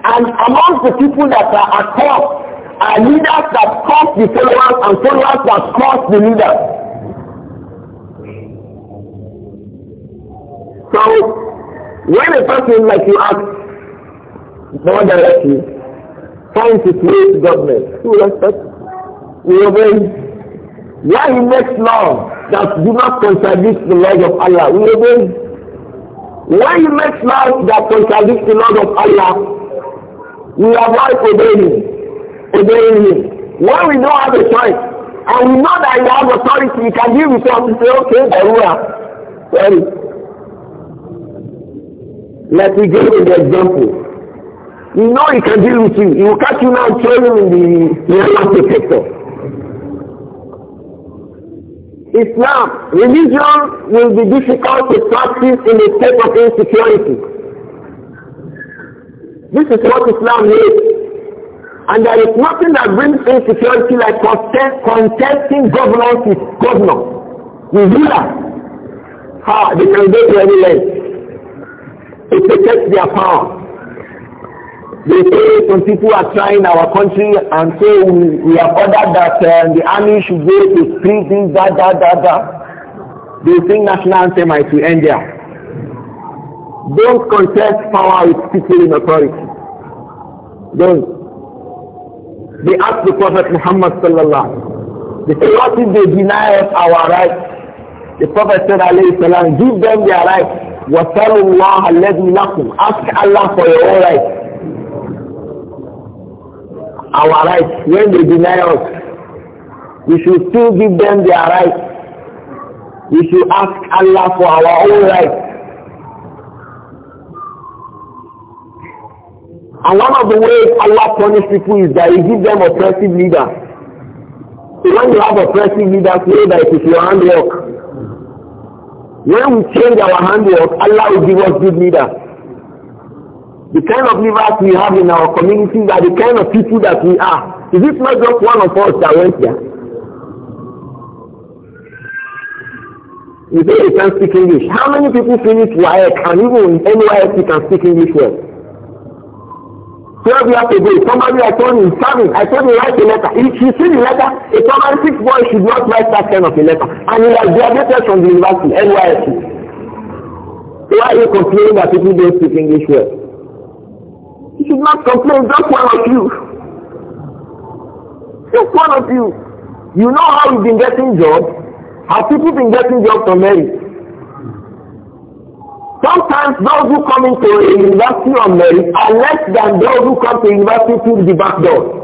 And among the people that are at are leaders that cause the followers and followers that cause the leaders. So, when a person like you ask, more directly, finds his way to government, who respects? We obey. Why he makes law? that do not contradict the laws of Allah. We obey. When you make laws that contradict the laws of Allah, we avoid obeying, obeying Him. When we don't have a choice, and we know that you have authority, you can deal with to say, okay, the ruler, sorry. Let me give you the example. You know he can deal with you. He will catch you now him in the, the protector. Islam, religion will be difficult to practice in a state of insecurity. This is what Islam is, And there is nothing that brings insecurity like contest, contesting governance with governor, with ruler. Ha, they can go to any length to protect their power. They say some people are trying our country and say we, we have ordered that uh, the army should go to three this da da da da. They think national anthem is to end there. Don't contest power with people in authority. Don't. They ask the Prophet Muhammad sallallahu They say, what if they deny us our rights? The Prophet said, alayhi salam, give them their rights. وَسَلُوا اللَّهَ الَّذِي لَكُمْ Ask Allah for your own rights our rights when they deny us. We should still give them their rights. We should ask Allah for our own rights. And one of the ways Allah punishes people is that He gives them oppressive leaders. when you have oppressive leaders, know that it is your handwork. When we change our handwork, Allah will give us good leaders. The kind of leaders we have in our community, are the kind of people that we are. Is it not just one of us that went there? You say you can speak English. How many people finish WIEC and even in NYS can speak English well? 12 years ago, somebody I told him, Sammy, I told him write a letter. If you see the letter, a romantic boy should not write that kind of a letter. And he has graduated from the university, NYSC. Why are you complaining that people don't speak English well? You should not complain, just one of you. Just one of you. You know how we've been getting jobs? Have people been getting jobs for merit? Sometimes those who come into a university on merit are less than those who come to university through the back door.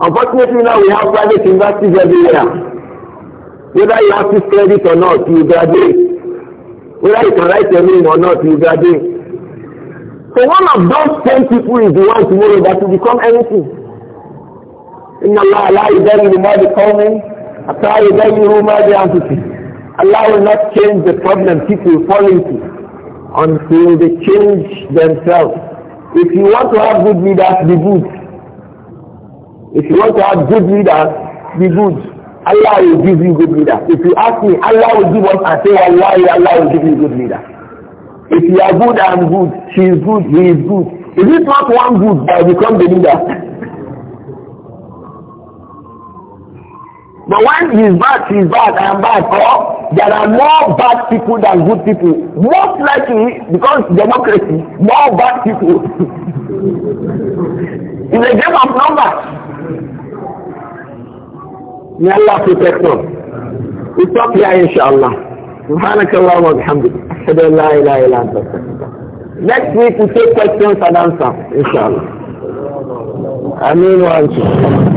Unfortunately now we have private universities everywhere. Whether you have to this credit or not, you graduate. Whether you can write your name or not, you graduate. So one of those ten people is the one tomorrow that will become anything. إن الله لا يدري ما بقوم حتى يدري ما بأنفسهم. Allah will not change the problem people fall into until they change themselves. If you want to have good leaders, be good. If you want to have good leaders, be good. Allah will give you good leaders. If you ask me, Allah will give us I say, Allah, Allah will give you good leaders. If you are good, I am good. She is good, he is good. If it's not one good I become the leader? But when he is bad, she is bad, I am bad. Or there are more bad people than good people. Most likely, because democracy, more bad people. in a game of numbers. May Allah protect us. We stop here, inshallah. سبحانك اللهم وبحمدك اشهد ان لا Next week we take questions and answer. inshallah. Amin wa